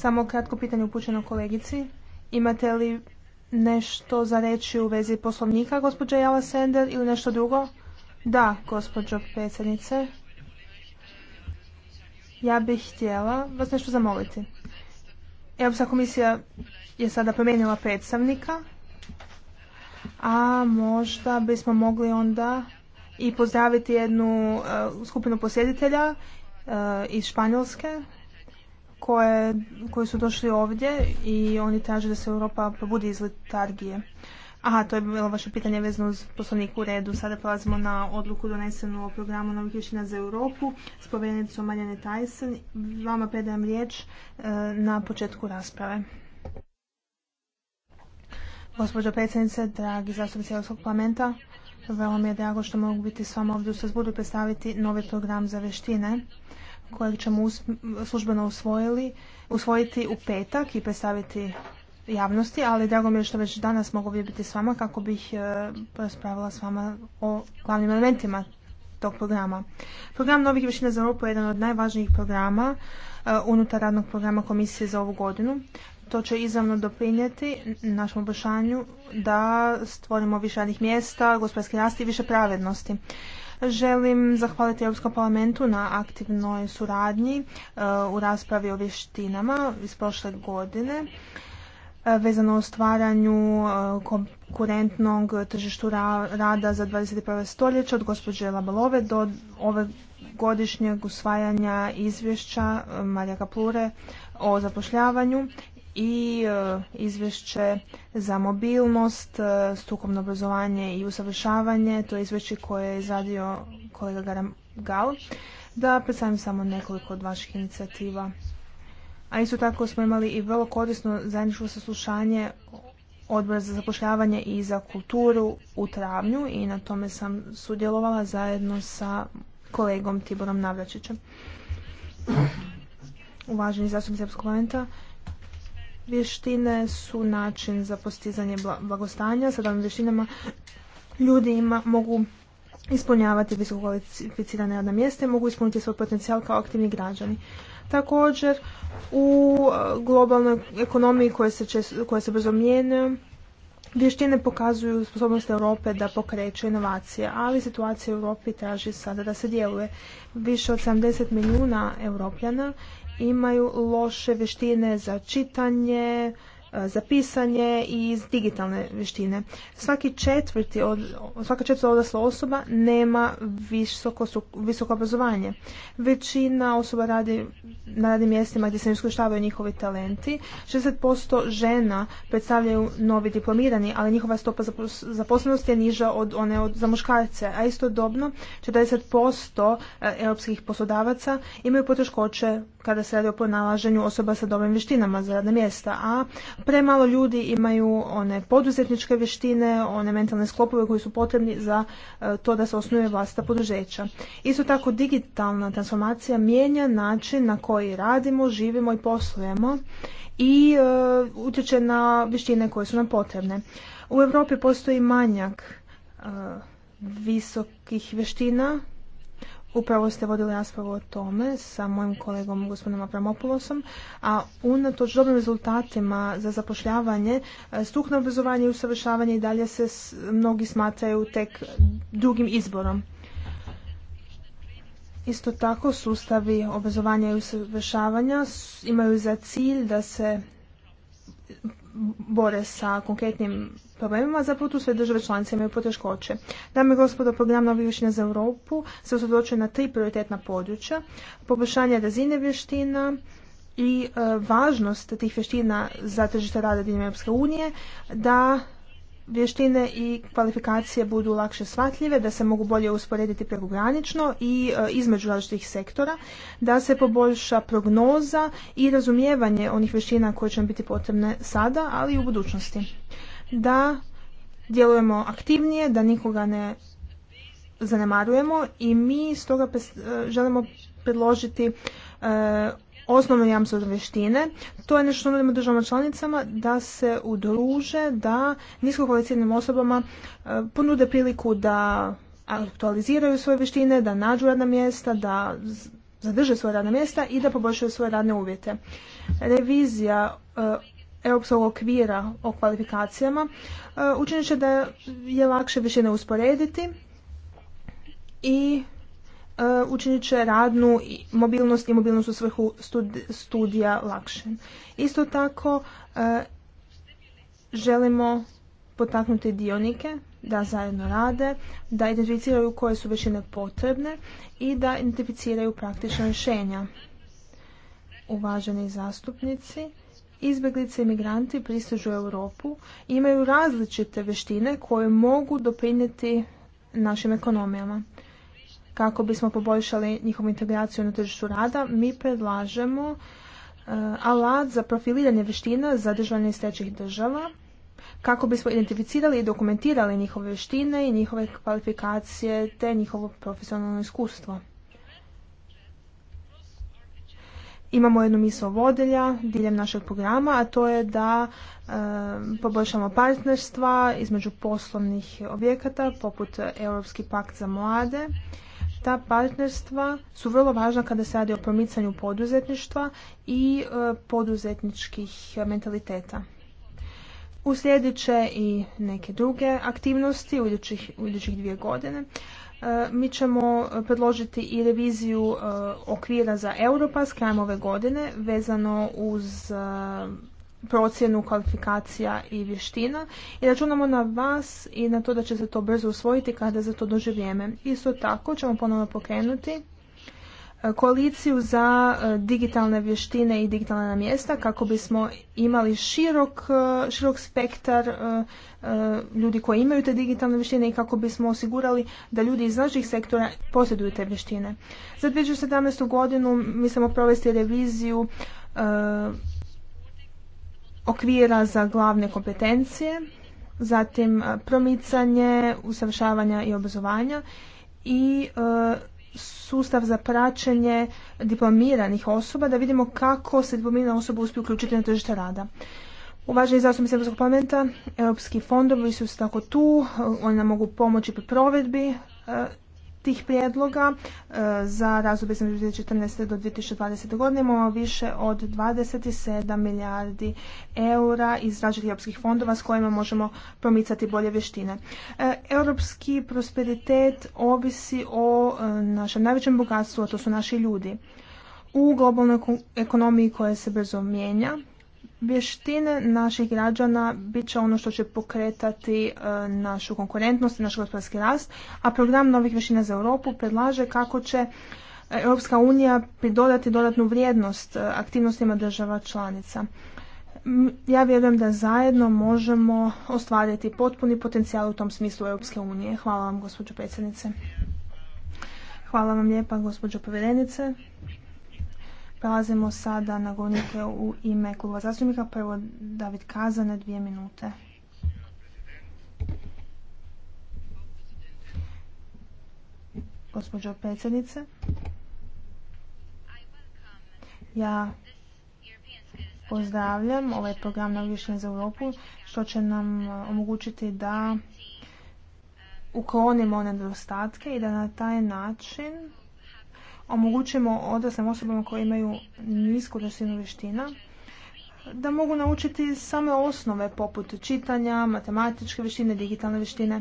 Samo kratko pitanje upućeno kolegici. Imate li nešto za reći u vezi poslovnika, gospođa Jala Sender, ili nešto drugo? Da, gospođo predsjednice. Ja bih htjela vas nešto zamoliti. Europska komisija je sada promijenila predstavnika, a možda bismo mogli onda i pozdraviti jednu eh, skupinu posjeditelja eh, iz Španjolske, koje, koji su došli ovdje i oni traže da se Europa probudi iz letargije. Aha, to je bilo vaše pitanje vezano uz poslovnik u redu. Sada prelazimo na odluku donesenu o programu Novih vještina za Europu s povjerenicom Marjane Tyson. Vama predajem riječ e, na početku rasprave. Gospođo predsjednice, dragi zastupnici Europskog parlamenta, veoma mi je drago što mogu biti s vama ovdje u Strasburu i predstaviti novi program za vještine kojeg ćemo službeno usvojili, usvojiti u petak i predstaviti javnosti, ali drago mi je što već danas mogu vidjeti biti s vama kako bih e, raspravila s vama o glavnim elementima tog programa. Program Novih vještina za Europu je jedan od najvažnijih programa e, unutar radnog programa Komisije za ovu godinu. To će izravno doprinijeti našem obršanju da stvorimo više radnih mjesta, gospodarski rast i više pravednosti. Želim zahvaliti Europskom parlamentu na aktivnoj suradnji e, u raspravi o vještinama iz prošle godine e, vezano o stvaranju e, konkurentnog tržištu rada za 21. stoljeće od gospođe Labalove do ove godišnjeg usvajanja izvješća Marija Kapure o zapošljavanju i e, izvješće za mobilnost, e, stukovno obrazovanje i usavršavanje. To je izvješće koje je izradio kolega Garam Gal. Da predstavim samo nekoliko od vaših inicijativa. A isto tako smo imali i vrlo korisno zajedničko saslušanje odbora za zapošljavanje i za kulturu u travnju i na tome sam sudjelovala zajedno sa kolegom Tiborom Navračićem. Uvaženi zastupnici Europskog parlamenta, vještine su način za postizanje blagostanja. Sa ovim vještinama ljudi ima, mogu ispunjavati kvalificirane radna mjesta i mogu ispuniti svoj potencijal kao aktivni građani. Također, u e, globalnoj ekonomiji koja se, koja se brzo mijenja, Vještine pokazuju sposobnost Europe da pokreće inovacije, ali situacija u Europi traži sada da se djeluje. Više od 70 milijuna europljana imaju loše vještine za čitanje, E, za pisanje iz digitalne vještine. Svaki četvrti od, svaka četvrta odrasla osoba nema visoko, visoko obrazovanje. Većina osoba radi na radnim mjestima gdje se iskorištavaju njihovi talenti. 60% žena predstavljaju novi diplomirani, ali njihova stopa zaposlenosti je niža od one od, za muškarce, a istodobno 40% e, europskih poslodavaca imaju poteškoće kada se radi o pronalaženju osoba sa dobrim vještinama za radna mjesta, a Premalo ljudi imaju one poduzetničke vještine, one mentalne sklopove koji su potrebni za e, to da se osnuje vlastita poduzeća. Isto tako digitalna transformacija mijenja način na koji radimo, živimo i poslujemo i e, utječe na vještine koje su nam potrebne. U Europi postoji manjak e, visokih vještina Upravo ste vodili raspravu o tome sa mojim kolegom gospodinom Apramopulosom, a unatoč dobrim rezultatima za zapošljavanje, e, strukno obrazovanje i usavršavanje i dalje se mnogi smatraju tek drugim izborom. Isto tako sustavi obrazovanja i usavršavanja imaju za cilj da se bore sa konkretnim problemima, zapravo tu sve države članice imaju poteškoće. Dame i gospodo, program Novi vještina za Europu se usredočuje na tri prioritetna područja, poboljšanje razine vještina, i e, važnost tih vještina za tržište rada diljem Europske unije, da vještine i kvalifikacije budu lakše shvatljive, da se mogu bolje usporediti prekogranično i e, između različitih sektora, da se poboljša prognoza i razumijevanje onih vještina koje će nam biti potrebne sada, ali i u budućnosti da djelujemo aktivnije, da nikoga ne zanemarujemo i mi stoga e, želimo predložiti e, osnovno jamstvo vještine. To je nešto što nudimo državama članicama da se udruže, da niskokvalificiranim osobama e, ponude priliku da aktualiziraju svoje vještine, da nađu radna mjesta, da zadrže svoje radna mjesta i da poboljšaju svoje radne uvjete. Revizija e, europskog okvira o kvalifikacijama e, učinit će da je lakše ne usporediti i e, učinit će radnu mobilnost i mobilnost u svrhu studija lakše. Isto tako e, želimo potaknuti dionike da zajedno rade, da identificiraju koje su većine potrebne i da identificiraju praktična rješenja. Uvaženi zastupnici, Izbjeglice i migranti pristižu u Europu i imaju različite vještine koje mogu doprinijeti našim ekonomijama. Kako bismo poboljšali njihovu integraciju na tržištu rada, mi predlažemo e, alat za profiliranje vještina za državljane iz trećih država, kako bismo identificirali i dokumentirali njihove vještine i njihove kvalifikacije te njihovo profesionalno iskustvo. imamo jednu misao vodelja diljem našeg programa, a to je da poboljšamo partnerstva između poslovnih objekata poput Europski pakt za mlade. Ta partnerstva su vrlo važna kada se radi o promicanju poduzetništva i e, poduzetničkih mentaliteta. Uslijedit će i neke druge aktivnosti u idućih, u idućih dvije godine. E, mi ćemo predložiti i reviziju e, okvira za Europa s krajem ove godine vezano uz e, procjenu kvalifikacija i vještina i računamo na vas i na to da će se to brzo usvojiti kada za to dođe vrijeme. Isto tako ćemo ponovno pokrenuti koaliciju za e, digitalne vještine i digitalna mjesta kako bismo imali širok, e, širok spektar e, ljudi koji imaju te digitalne vještine i kako bismo osigurali da ljudi iz naših sektora posjeduju te vještine. Za 2017. godinu mislimo provesti reviziju okvira za glavne kompetencije, zatim promicanje, usavršavanja i obrazovanja i sustav za praćenje diplomiranih osoba da vidimo kako se diplomirana osoba uspije uključiti na tržište rada. Uvaženi zastupnici Europskog parlamenta, europski fondovi su tako tu, oni nam mogu pomoći pri provedbi e, tih prijedloga e, za razdoblje između 2014. do 2020. godine imamo više od 27 milijardi eura iz različitih europskih fondova s kojima možemo promicati bolje vještine. E, europski prosperitet ovisi o e, našem najvećem bogatstvu, a to su naši ljudi. U globalnoj ekonomiji koja se brzo mijenja, Vještine naših građana bit će ono što će pokretati e, našu konkurentnost i naš gospodarski rast, a program novih vještina za Europu predlaže kako će e, Europska unija pridodati dodatnu vrijednost e, aktivnostima država članica. Ja vjerujem da zajedno možemo ostvariti potpuni potencijal u tom smislu Europske unije. Hvala vam, gospođo predsjednice. Hvala vam lijepa, gospođo povjerenice. Prelazimo sada na govornike u ime kluba zastupnika. Prvo David Kazane, dvije minute. Gospođo predsjednice, ja pozdravljam ovaj program na za Europu što će nam omogućiti da uklonimo one nedostatke i da na taj način omogućimo odraslim osobama koje imaju nisku razinu vještina da mogu naučiti same osnove poput čitanja, matematičke vještine, digitalne vještine.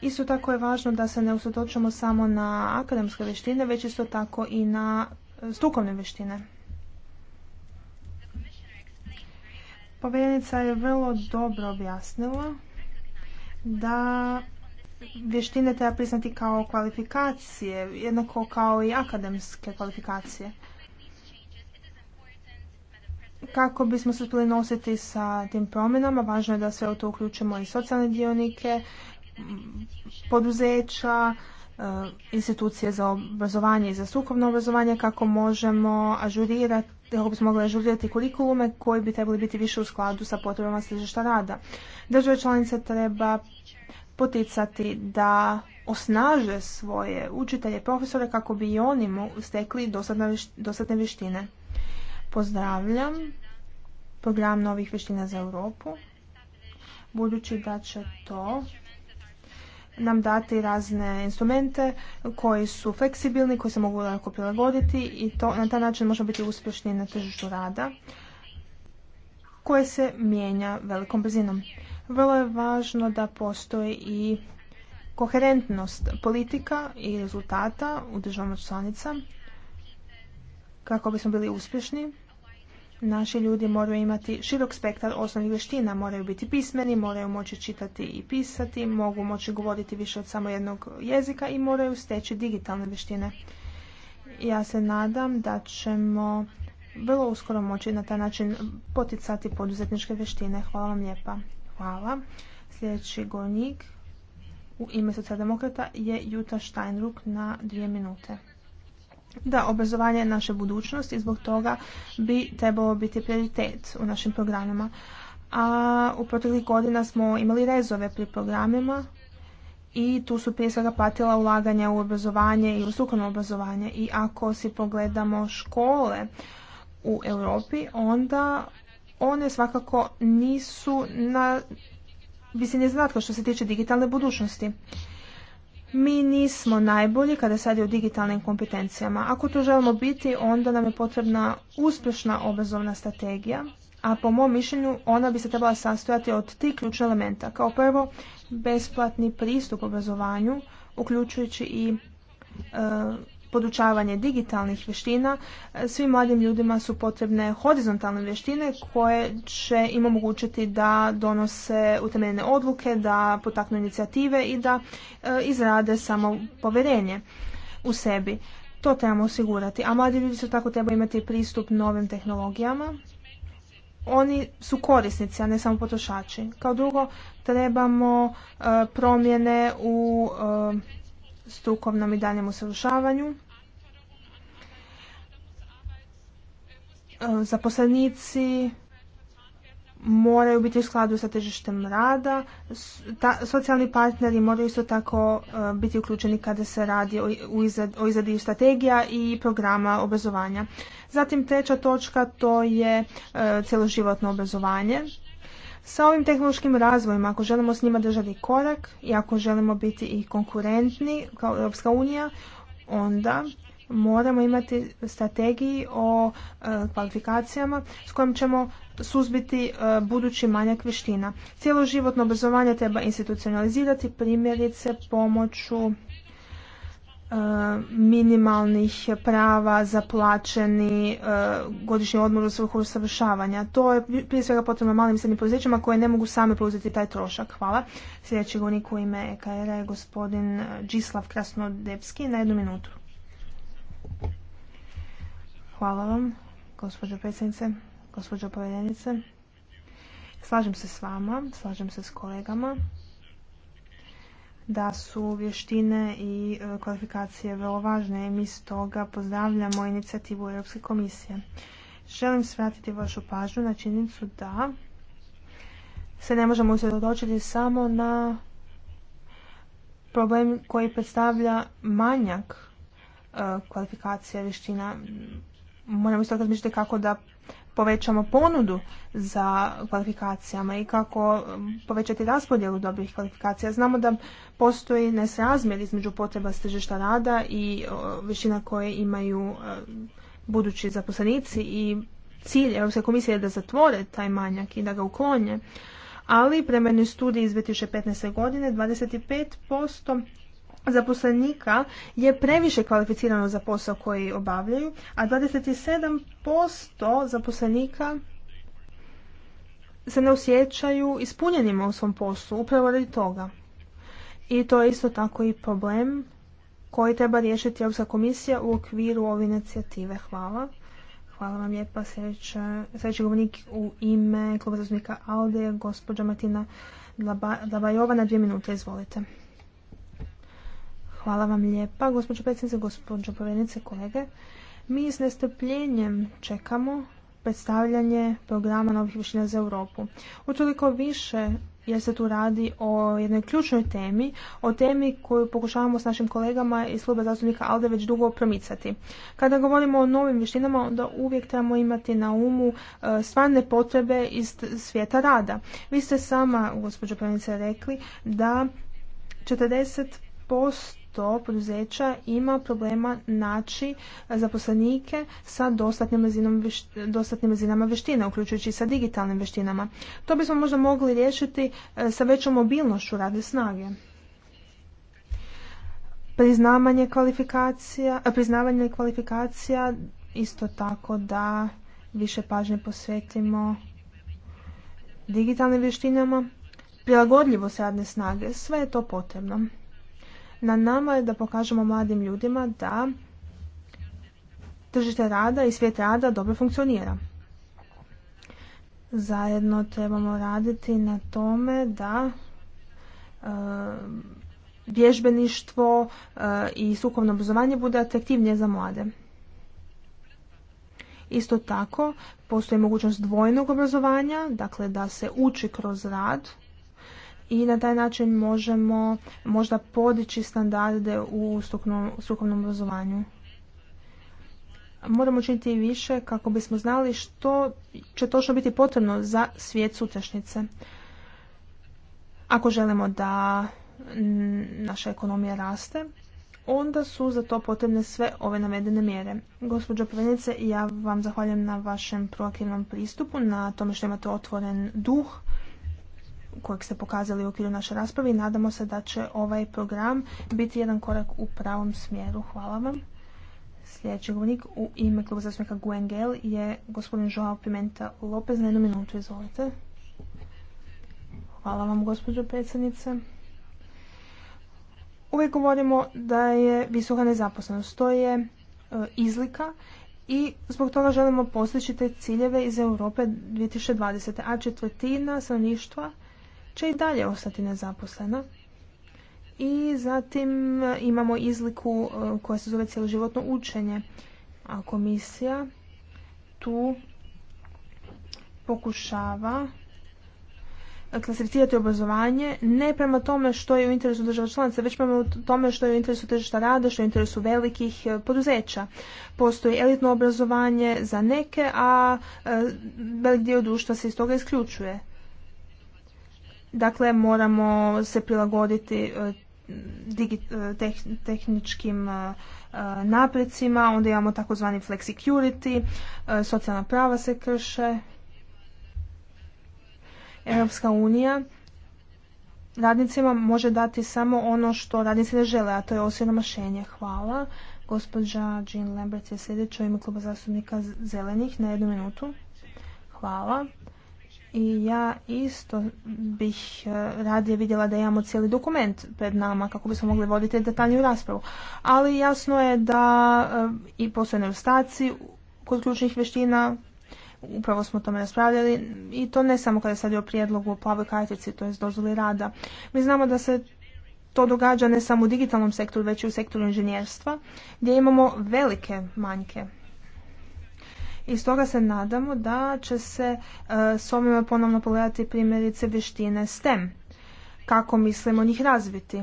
Isto tako je važno da se ne usredočimo samo na akademske vještine, već isto tako i na strukovne vještine. Povjerenica je vrlo dobro objasnila da vještine treba priznati kao kvalifikacije, jednako kao i akademske kvalifikacije. Kako bismo se uspjeli nositi sa tim promjenama, važno je da sve u to uključimo i socijalne dionike, poduzeća, e, institucije za obrazovanje i za strukovno obrazovanje, kako možemo ažurirati kako bismo mogli ažurirati kurikulume koji bi trebali biti više u skladu sa potrebama tržišta rada. Države članice treba poticati da osnaže svoje učitelje i profesore kako bi i oni stekli dostatne vještine. Pozdravljam program novih vještina za Europu, budući da će to nam dati razne instrumente koji su fleksibilni, koji se mogu lako prilagoditi i to na taj način možemo biti uspješni na tržištu rada koje se mijenja velikom brzinom. Vrlo je važno da postoji i koherentnost politika i rezultata u državama članica kako bismo bili uspješni. Naši ljudi moraju imati širok spektar osnovnih vještina, moraju biti pismeni, moraju moći čitati i pisati, mogu moći govoriti više od samo jednog jezika i moraju steći digitalne vještine. Ja se nadam da ćemo vrlo uskoro moći na taj način poticati poduzetničke vještine. Hvala vam lijepa. Hvala. Sljedeći govornik u ime socijaldemokrata je Juta Steinruck na dvije minute. Da, obrazovanje je naša budućnost i zbog toga bi trebalo biti prioritet u našim programima. A u proteklih godina smo imali rezove pri programima i tu su prije svega patila ulaganja u obrazovanje i u strukovno obrazovanje. I ako si pogledamo škole u Europi, onda one svakako nisu na visini zadatka što se tiče digitalne budućnosti. Mi nismo najbolji kada sad je o digitalnim kompetencijama. Ako to želimo biti, onda nam je potrebna uspješna obrazovna strategija, a po mom mišljenju ona bi se trebala sastojati od tri ključna elementa. Kao prvo, besplatni pristup obrazovanju, uključujući i e, podučavanje digitalnih vještina, e, svim mladim ljudima su potrebne horizontalne vještine koje će im omogućiti da donose utemeljene odluke, da potaknu inicijative i da e, izrade samo povjerenje u sebi. To trebamo osigurati. A mladi ljudi su tako treba imati pristup novim tehnologijama. Oni su korisnici, a ne samo potrošači. Kao drugo, trebamo e, promjene u strukovnom i daljem usavršavanju. E, zaposlenici moraju biti u skladu sa tržištem rada. socijalni partneri moraju isto tako e, biti uključeni kada se radi o, izradi strategija i programa obrazovanja. Zatim treća točka to je e, cjeloživotno obrazovanje. Sa ovim tehnološkim razvojima, ako želimo s njima držati korak i ako želimo biti i konkurentni kao Europska unija, onda moramo imati strategiji o e, kvalifikacijama s kojom ćemo suzbiti e, budući manjak vještina. Cijelo životno obrazovanje treba institucionalizirati primjerice pomoću E, minimalnih prava za plaćeni e, godišnji odmor u svrhu usavršavanja. To je prije svega potrebno malim srednim srednjim poduzećima koje ne mogu same preuzeti taj trošak. Hvala. Sljedeći govornik u ime ekr je gospodin Đislav Krasnodebski na jednu minutu. Hvala vam, gospođo predsjednice, gospođo povjerenice. Slažem se s vama, slažem se s kolegama da su vještine i e, kvalifikacije vrlo važne i mi stoga pozdravljamo inicijativu Europske komisije. Želim svratiti vašu pažnju na činjenicu da se ne možemo usredotočiti samo na problem koji predstavlja manjak e, kvalifikacija vještina. Moramo isto razmišljati kako da povećamo ponudu za kvalifikacijama i kako um, povećati raspodjelu dobrih kvalifikacija. Znamo da postoji nesrazmjer između potreba tržišta rada i većina koje imaju um, budući zaposlenici i cilj Europske komisije je da zatvore taj manjak i da ga uklonje. Ali prema jednoj studiji iz 2015. godine 25% zaposlenika je previše kvalificirano za posao koji obavljaju, a 27% zaposlenika se ne osjećaju ispunjenima u svom poslu, upravo radi toga. I to je isto tako i problem koji treba riješiti Europska komisija u okviru ove inicijative. Hvala. Hvala vam lijepa. Sljedeći govornik u ime kluba zastupnika ALDE, gospođa Martina Labajova na dvije minute. Izvolite. Hvala vam lijepa, gospođo predsjednice, gospođo povjednice, kolege. Mi s nestrpljenjem čekamo predstavljanje programa novih vještina za Europu. Utoliko više jer se tu radi o jednoj ključnoj temi, o temi koju pokušavamo s našim kolegama iz kluba zastupnika ALDE već dugo promicati. Kada govorimo o novim vještinama, onda uvijek trebamo imati na umu e, stvarne potrebe iz svijeta rada. Vi ste sama, gospođo predsjednice rekli da 40% to poduzeća ima problema naći zaposlenike sa dostatnim, dostatnim razinama vještina, uključujući sa digitalnim vještinama. To bismo možda mogli riješiti e, sa većom mobilnošću radne snage. Priznavanje kvalifikacija, e, priznavanje kvalifikacija isto tako da više pažnje posvetimo digitalnim vještinama, prilagodljivost radne snage, sve je to potrebno. Na nama je da pokažemo mladim ljudima da tržište rada i svijet rada dobro funkcionira. Zajedno trebamo raditi na tome da e, vježbeništvo e, i sukovno obrazovanje bude atraktivnije za mlade. Isto tako, postoji mogućnost dvojnog obrazovanja, dakle da se uči kroz rad i na taj način možemo možda podići standarde u strukovnom obrazovanju. Moramo činiti i više kako bismo znali što će točno biti potrebno za svijet sutrašnjice. Ako želimo da naša ekonomija raste, onda su za to potrebne sve ove navedene mjere. Gospođo Prvenice, ja vam zahvaljujem na vašem proaktivnom pristupu, na tome što imate otvoren duh kojeg ste pokazali u okviru naše rasprave i nadamo se da će ovaj program biti jedan korak u pravom smjeru. Hvala vam. Sljedeći govornik u ime kluba zastupnika Guengel je gospodin Joao Pimenta Lopez. Na jednu minutu, izvolite. Hvala vam, gospođo predsjednice. Uvijek govorimo da je visoka nezaposlenost. To je e, izlika i zbog toga želimo postići te ciljeve iz Europe 2020. A četvrtina stanovništva će i dalje ostati nezaposlena. I zatim imamo izliku e, koja se zove cijeloživotno učenje. A komisija tu pokušava e, klasificirati obrazovanje ne prema tome što je u interesu država članica, već prema tome što je u interesu tržišta rada, što je u interesu velikih e, poduzeća. Postoji elitno obrazovanje za neke, a velik dio društva se iz toga isključuje. Dakle, moramo se prilagoditi e, e, tehničkim e, naprecima, onda imamo takozvani flexicurity, socijalna prava se krše. Europska unija radnicima može dati samo ono što radnici ne žele, a to je osiromašenje. Hvala. Gospođa Jean Lambert je sljedeća u ime kluba zastupnika Zelenih na jednu minutu. Hvala. I ja isto bih e, radije vidjela da imamo cijeli dokument pred nama kako bismo mogli voditi detaljniju raspravu. Ali jasno je da e, i postoje nedostaci kod ključnih vještina, upravo smo o tome raspravljali i to ne samo kada je sad o prijedlogu o plavoj kartici, to je dozvoli rada. Mi znamo da se to događa ne samo u digitalnom sektoru, već i u sektoru inženjerstva, gdje imamo velike manjke i stoga se nadamo da će se e, s ovime ponovno pogledati primjerice vještine STEM. Kako mislimo njih razviti?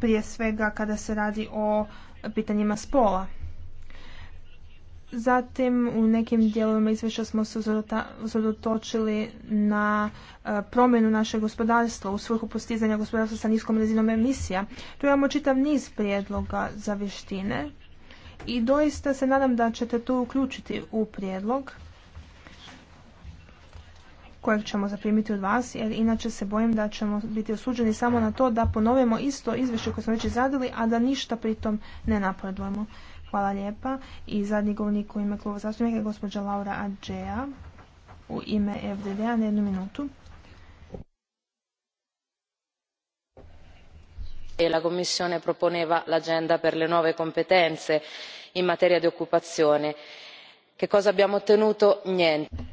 Prije svega kada se radi o pitanjima spola. Zatim u nekim dijelovima izvješća smo se usredotočili na e, promjenu našeg gospodarstva u svrhu postizanja gospodarstva sa niskom razinom emisija. Tu imamo čitav niz prijedloga za vještine i doista se nadam da ćete to uključiti u prijedlog kojeg ćemo zaprimiti od vas, jer inače se bojim da ćemo biti osuđeni samo na to da ponovimo isto izvješće koje smo već izradili, a da ništa pritom ne napredujemo. Hvala lijepa. I zadnji govornik u ime kluba zastupnika je gospođa Laura Adžeja u ime FDD-a na jednu minutu. e la commissione proponeva l'agenda per le nuove competenze in materia di occupazione. che cosa abbiamo ottenuto? niente.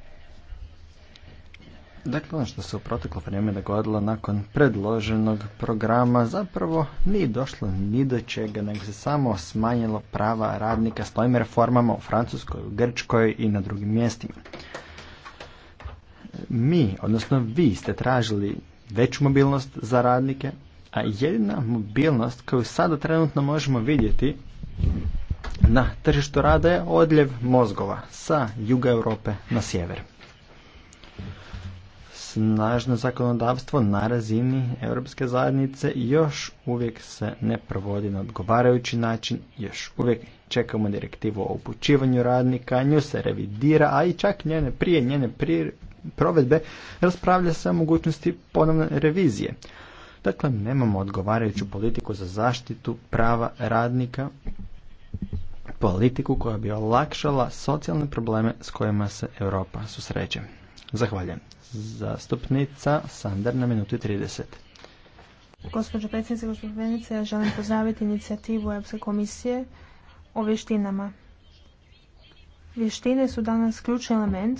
Dakle, ono što se u proteklo vrijeme dogodilo nakon predloženog programa zapravo nije došlo ni do čega, nego se samo smanjilo prava radnika s novim reformama u Francuskoj, u Grčkoj i na drugim mjestima. Mi, odnosno vi ste tražili veću mobilnost za radnike, a jedina mobilnost koju sada trenutno možemo vidjeti na tržištu rada je odljev mozgova sa juga Europe na sjever. Snažno zakonodavstvo na razini Europske zajednice još uvijek se ne provodi na odgovarajući način, još uvijek čekamo direktivu o upućivanju radnika, nju se revidira, a i čak njene prije njene provedbe raspravlja se o mogućnosti ponovne revizije. Dakle, nemamo odgovarajuću politiku za zaštitu prava radnika, politiku koja bi olakšala socijalne probleme s kojima se Europa susreće. Zahvaljujem. Zastupnica Sander na minuti 30. Gospođo predsjednice, gospođo predsjednice, ja želim pozdraviti inicijativu Europske komisije o vještinama. Vještine su danas ključni element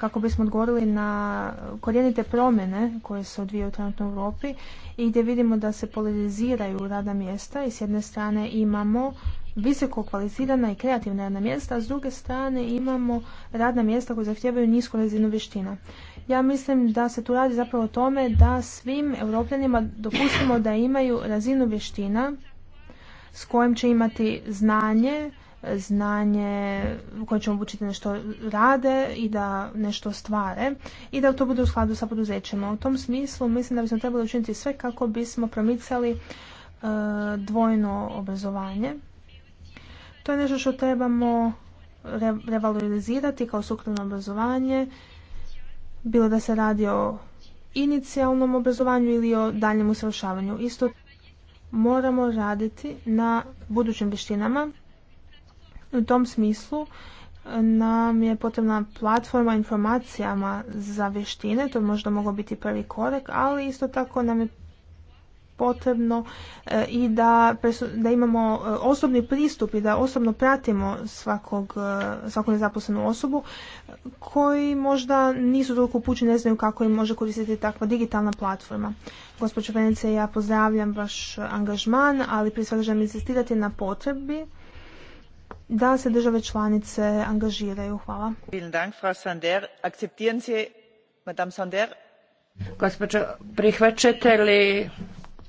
kako bismo odgovorili na korijenite promjene koje se odvijaju trenutno u Europi i gdje vidimo da se polariziraju radna mjesta i s jedne strane imamo visoko kvalificirana i kreativna radna mjesta, a s druge strane imamo radna mjesta koja zahtijevaju nisku razinu vještina. Ja mislim da se tu radi zapravo o tome da svim europljanima dopustimo da imaju razinu vještina s kojim će imati znanje, znanje koje ćemo obučiti nešto rade i da nešto stvare i da to bude u skladu sa poduzećima. U tom smislu mislim da bismo trebali učiniti sve kako bismo promicali e, dvojno obrazovanje. To je nešto što trebamo revalorizirati kao sukladno obrazovanje, bilo da se radi o inicijalnom obrazovanju ili o daljem usavršavanju. Isto moramo raditi na budućim vještinama u tom smislu e, nam je potrebna platforma informacijama za vještine, to možda mogao biti prvi korak, ali isto tako nam je potrebno e, i da, da imamo e, osobni pristup i da osobno pratimo svakog, svaku nezaposlenu osobu koji možda nisu toliko upućeni, ne znaju kako im može koristiti takva digitalna platforma. Gospođo Venice, ja pozdravljam vaš angažman, ali prije svega želim insistirati na potrebi da se države članice angažiraju. Hvala. Gospođo, prihvaćate li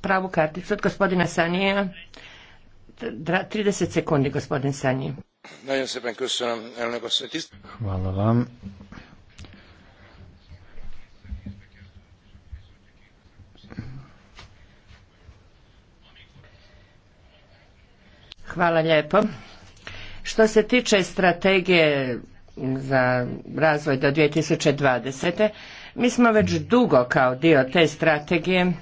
pravu karticu od gospodina Sanija? 30 sekundi, gospodin Sanji. Hvala vam. Hvala lijepo. Što se tiče strategije za razvoj do 2020. mi smo već dugo kao dio te strategije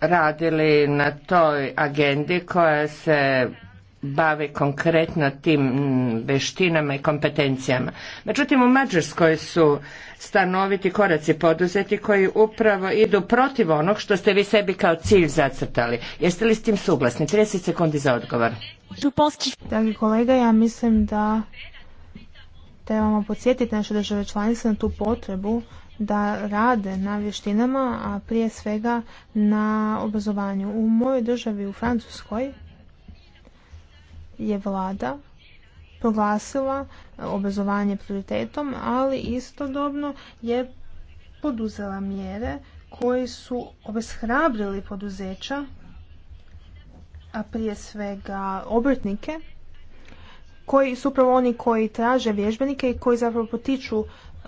radili na toj agendi koja se bavi konkretno tim veštinama i kompetencijama. Međutim, u Mađarskoj su stanoviti koraci poduzeti koji upravo idu protiv onog što ste vi sebi kao cilj zacrtali. Jeste li s tim suglasni? 30 sekundi za odgovor. Dragi kolega, ja mislim da trebamo podsjetiti naše države članice na tu potrebu da rade na vještinama, a prije svega na obrazovanju. U mojoj državi, u Francuskoj, je vlada proglasila obrazovanje prioritetom, ali istodobno je poduzela mjere koji su obeshrabrili poduzeća a prije svega obrtnike, koji su upravo oni koji traže vježbenike i koji zapravo potiču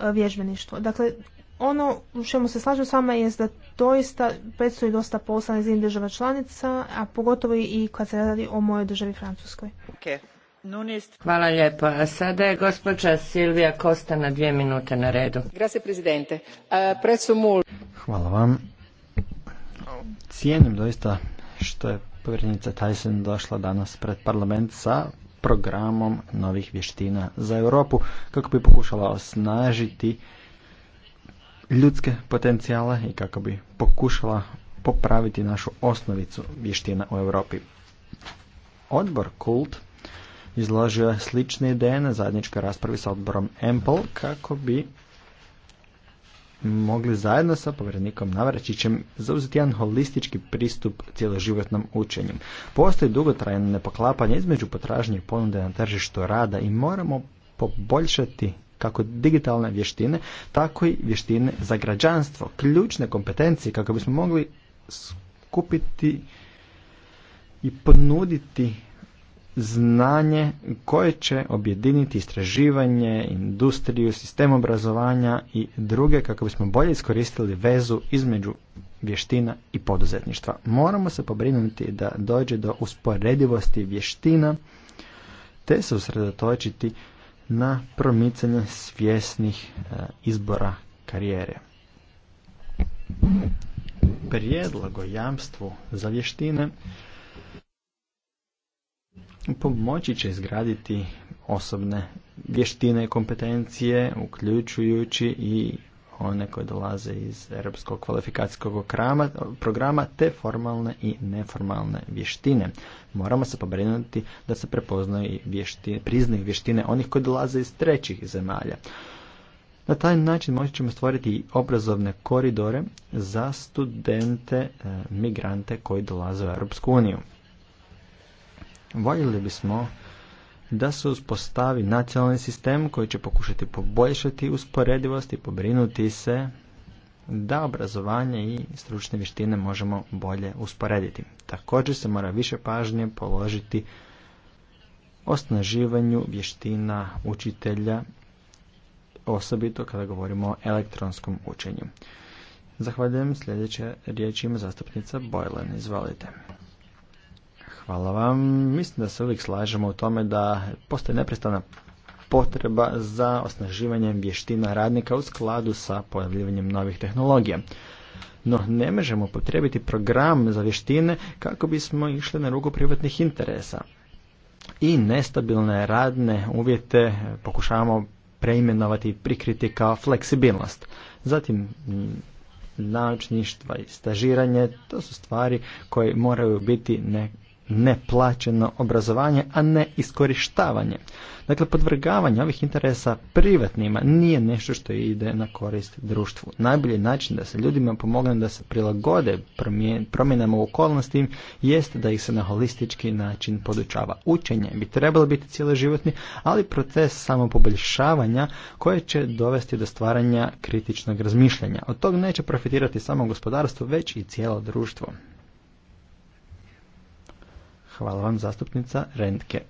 e, vježbeništvo. Dakle, ono u čemu se slažem s vama je da doista predstoji dosta posla na država članica, a pogotovo i kad se radi o mojoj državi Francuskoj. Hvala lijepo. sada je gospođa Silvija Kosta na dvije minute na redu. Hvala vam. Cijenim doista što je povjerenica Tyson došla danas pred parlament sa programom novih vještina za Europu kako bi pokušala osnažiti ljudske potencijale i kako bi pokušala popraviti našu osnovicu vještina u Europi. Odbor Kult izložio je slične ideje na zajedničkoj raspravi sa odborom Ample kako bi mogli zajedno sa povjerenikom Navračićem zauzeti jedan holistički pristup cijeloživotnom učenju. Postoji dugotrajno nepoklapanje između potražnje i ponude na tržištu rada i moramo poboljšati kako digitalne vještine, tako i vještine za građanstvo, ključne kompetencije kako bismo mogli skupiti i ponuditi znanje koje će objediniti istraživanje, industriju, sistem obrazovanja i druge kako bismo bolje iskoristili vezu između vještina i poduzetništva. Moramo se pobrinuti da dođe do usporedivosti vještina te se usredotočiti na promicanje svjesnih e, izbora karijere. Prijedlog o jamstvu za vještine Pomoći će izgraditi osobne vještine i kompetencije, uključujući i one koje dolaze iz Europskog kvalifikacijskog programa, te formalne i neformalne vještine. Moramo se pobrinuti da se prepoznaju i vještine, priznaju vještine onih koji dolaze iz trećih zemalja. Na taj način moći ćemo stvoriti i obrazovne koridore za studente, eh, migrante koji dolaze u Europsku uniju. Voljeli bismo da se uspostavi nacionalni sistem koji će pokušati poboljšati usporedivost i pobrinuti se da obrazovanje i stručne vještine možemo bolje usporediti. Također se mora više pažnje položiti osnaživanju vještina učitelja, osobito kada govorimo o elektronskom učenju. Zahvaljujem sljedeće riječ ima zastupnica Bojlen. Izvalite. Hvala vam. Mislim da se uvijek slažemo u tome da postoji neprestana potreba za osnaživanjem vještina radnika u skladu sa pojavljivanjem novih tehnologija. No ne možemo potrebiti program za vještine kako bismo išli na ruku privatnih interesa. I nestabilne radne uvjete pokušavamo preimenovati i prikriti kao fleksibilnost. Zatim naučništva i stažiranje, to su stvari koje moraju biti ne, neplaćeno obrazovanje, a ne iskorištavanje. Dakle, podvrgavanje ovih interesa privatnima nije nešto što ide na korist društvu. Najbolji način da se ljudima pomogne da se prilagode promjenama u okolnosti jest da ih se na holistički način podučava. Učenje bi trebalo biti cijeloživotni, ali proces samopoboljšavanja koje će dovesti do stvaranja kritičnog razmišljanja. Od tog neće profitirati samo gospodarstvo, već i cijelo društvo. Hvala vam zastupnica Rendke.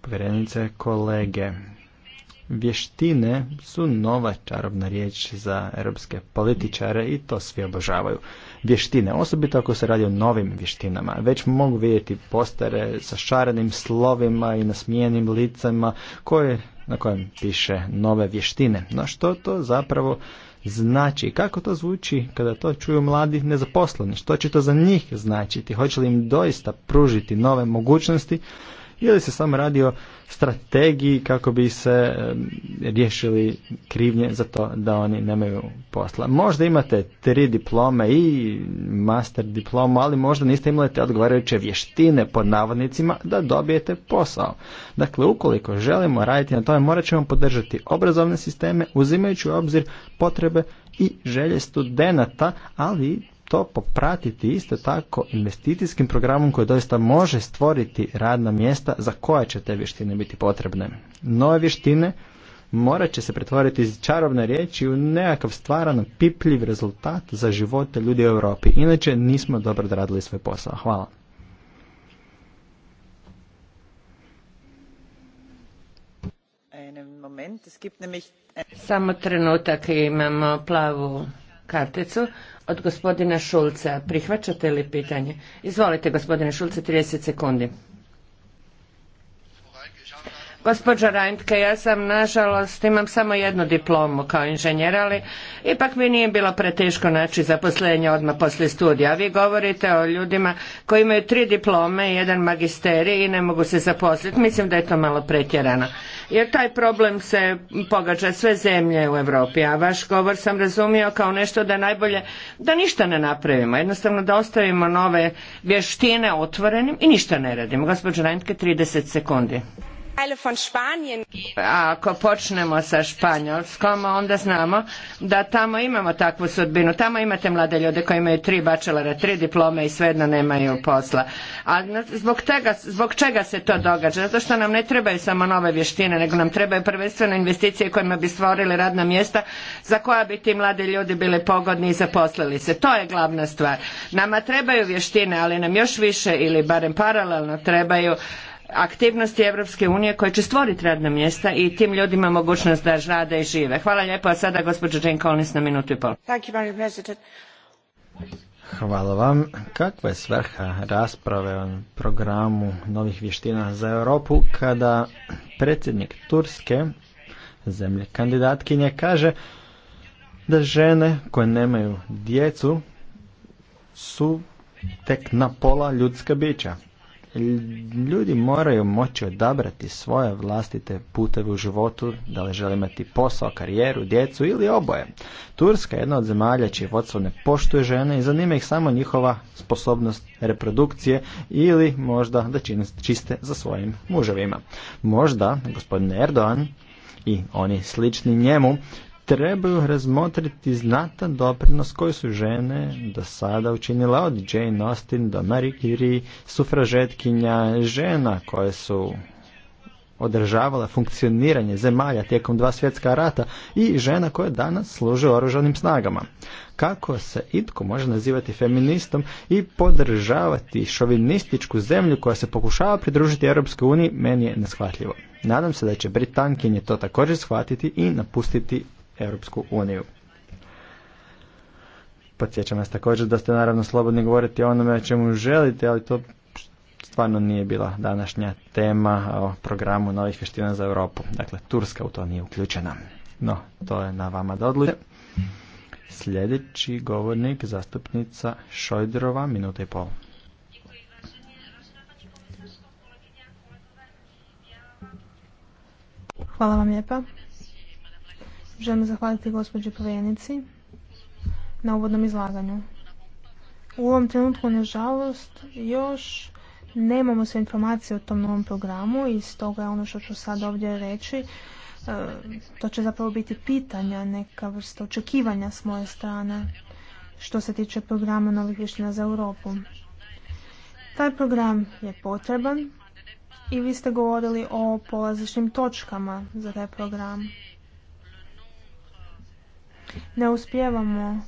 Povjerenice kolege, vještine su nova čarobna riječ za europske političare i to svi obožavaju. Vještine, osobito ako se radi o novim vještinama, već mogu vidjeti postare sa šarenim slovima i nasmijenim licama koje, na kojem piše nove vještine. No što to zapravo znači. Kako to zvuči kada to čuju mladi nezaposleni? Što će to za njih značiti? Hoće li im doista pružiti nove mogućnosti? ili se samo radi o strategiji kako bi se riješili krivnje za to da oni nemaju posla. Možda imate tri diplome i master diplomu, ali možda niste imali te odgovarajuće vještine pod navodnicima da dobijete posao. Dakle, ukoliko želimo raditi na tome, morat ćemo podržati obrazovne sisteme uzimajući u obzir potrebe i želje studenata, ali to popratiti isto tako investicijskim programom koji doista može stvoriti radna mjesta za koja će te vještine biti potrebne. Nove vještine morat će se pretvoriti iz čarobne riječi u nekakav stvaran pipljiv rezultat za živote ljudi u Europi. Inače nismo dobro odradili svoj posao. Hvala. Samo trenutak imamo plavu karticu od gospodina Šulca. Prihvaćate li pitanje? Izvolite gospodine Šulce, 30 sekundi. Gospođo Rajntke, ja sam nažalost imam samo jednu diplomu kao inženjer, ali ipak mi nije bilo preteško naći zaposlenje odmah poslije studija. A vi govorite o ljudima koji imaju tri diplome i jedan magisterij i ne mogu se zaposliti. Mislim da je to malo pretjerano. Jer taj problem se pogađa sve zemlje u Europi, a vaš govor sam razumio kao nešto da najbolje da ništa ne napravimo. Jednostavno da ostavimo nove vještine otvorenim i ništa ne radimo. Gospođo Rajntke, 30 sekundi ako počnemo sa Španjolskom, onda znamo da tamo imamo takvu sudbinu. Tamo imate mlade ljude koji imaju tri bačelara, tri diplome i svejedno nemaju posla. A zbog, zbog čega se to događa? Zato što nam ne trebaju samo nove vještine, nego nam trebaju prvenstveno investicije kojima bi stvorili radna mjesta za koja bi ti mladi ljudi bili pogodni i zaposlili se. To je glavna stvar. Nama trebaju vještine, ali nam još više ili barem paralelno trebaju aktivnosti Europske unije koje će stvoriti radna mjesta i tim ljudima mogućnost da rade i žive. Hvala lijepo, a sada gospođa Jane Collins na minutu i pol. Hvala vam. Kakva je svrha rasprave o programu novih vještina za Europu kada predsjednik Turske, zemlje kandidatkinje, kaže da žene koje nemaju djecu su tek na pola ljudska bića ljudi moraju moći odabrati svoje vlastite puteve u životu, da li žele imati posao, karijeru, djecu ili oboje. Turska je jedna od zemalja čije vodstvo ne poštuje žene i zanima ih samo njihova sposobnost reprodukcije ili možda da čine čiste za svojim muževima. Možda gospodin Erdogan i oni slični njemu trebaju razmotriti znatan doprinos koji su žene do sada učinile od Jane Austen do Marie Curie, sufražetkinja žena koje su održavala funkcioniranje zemalja tijekom dva svjetska rata i žena koje danas služe oružanim snagama. Kako se itko može nazivati feministom i podržavati šovinističku zemlju koja se pokušava pridružiti Europskoj uniji, meni je neshvatljivo. Nadam se da će Britankinje to također shvatiti i napustiti Europsku uniju. Podsjećam vas također da ste naravno slobodni govoriti o onome o čemu želite, ali to stvarno nije bila današnja tema o programu novih vještina za Europu. Dakle, Turska u to nije uključena. No, to je na vama da odlučite. Sljedeći govornik, zastupnica Šojderova, minuta i pol. Hvala vam lijepa. Želim zahvaliti gospođi povjerenici na uvodnom izlaganju. U ovom trenutku, nažalost, još nemamo sve informacije o tom novom programu i stoga je ono što ću sad ovdje reći, e, to će zapravo biti pitanja, neka vrsta očekivanja s moje strane što se tiče programa Novih vještina za Europu. Taj program je potreban i vi ste govorili o polazišnim točkama za taj program ne uspijevamo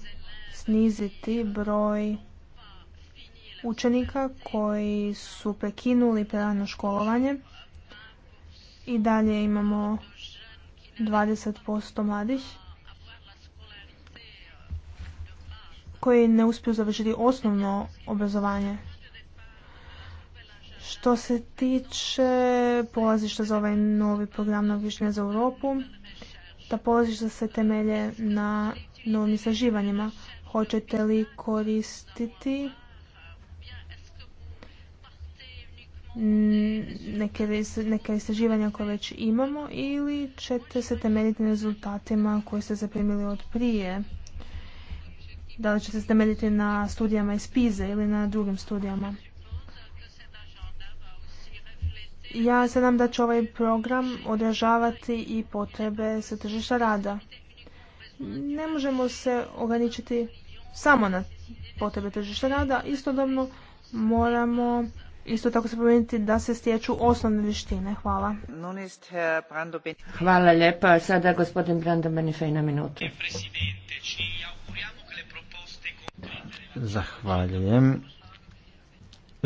sniziti broj učenika koji su prekinuli prerano školovanje i dalje imamo 20% mladih koji ne uspiju završiti osnovno obrazovanje. Što se tiče polazišta za ovaj novi program na za Europu, ta polazišta se temelje na novim istraživanjima. Hoćete li koristiti neke, neke istraživanja koje već imamo ili ćete se temeljiti na rezultatima koje ste zaprimili od prije? Da li ćete se temeljiti na studijama iz PISA ili na drugim studijama? Ja se nam da će ovaj program odražavati i potrebe sa tržišta rada. Ne možemo se ograničiti samo na potrebe tržišta rada, istodobno moramo isto tako se promijeniti da se stječu osnovne vještine. Hvala. Hvala lijepa. Sada gospodin Brando Benifej na minutu. Zahvaljujem.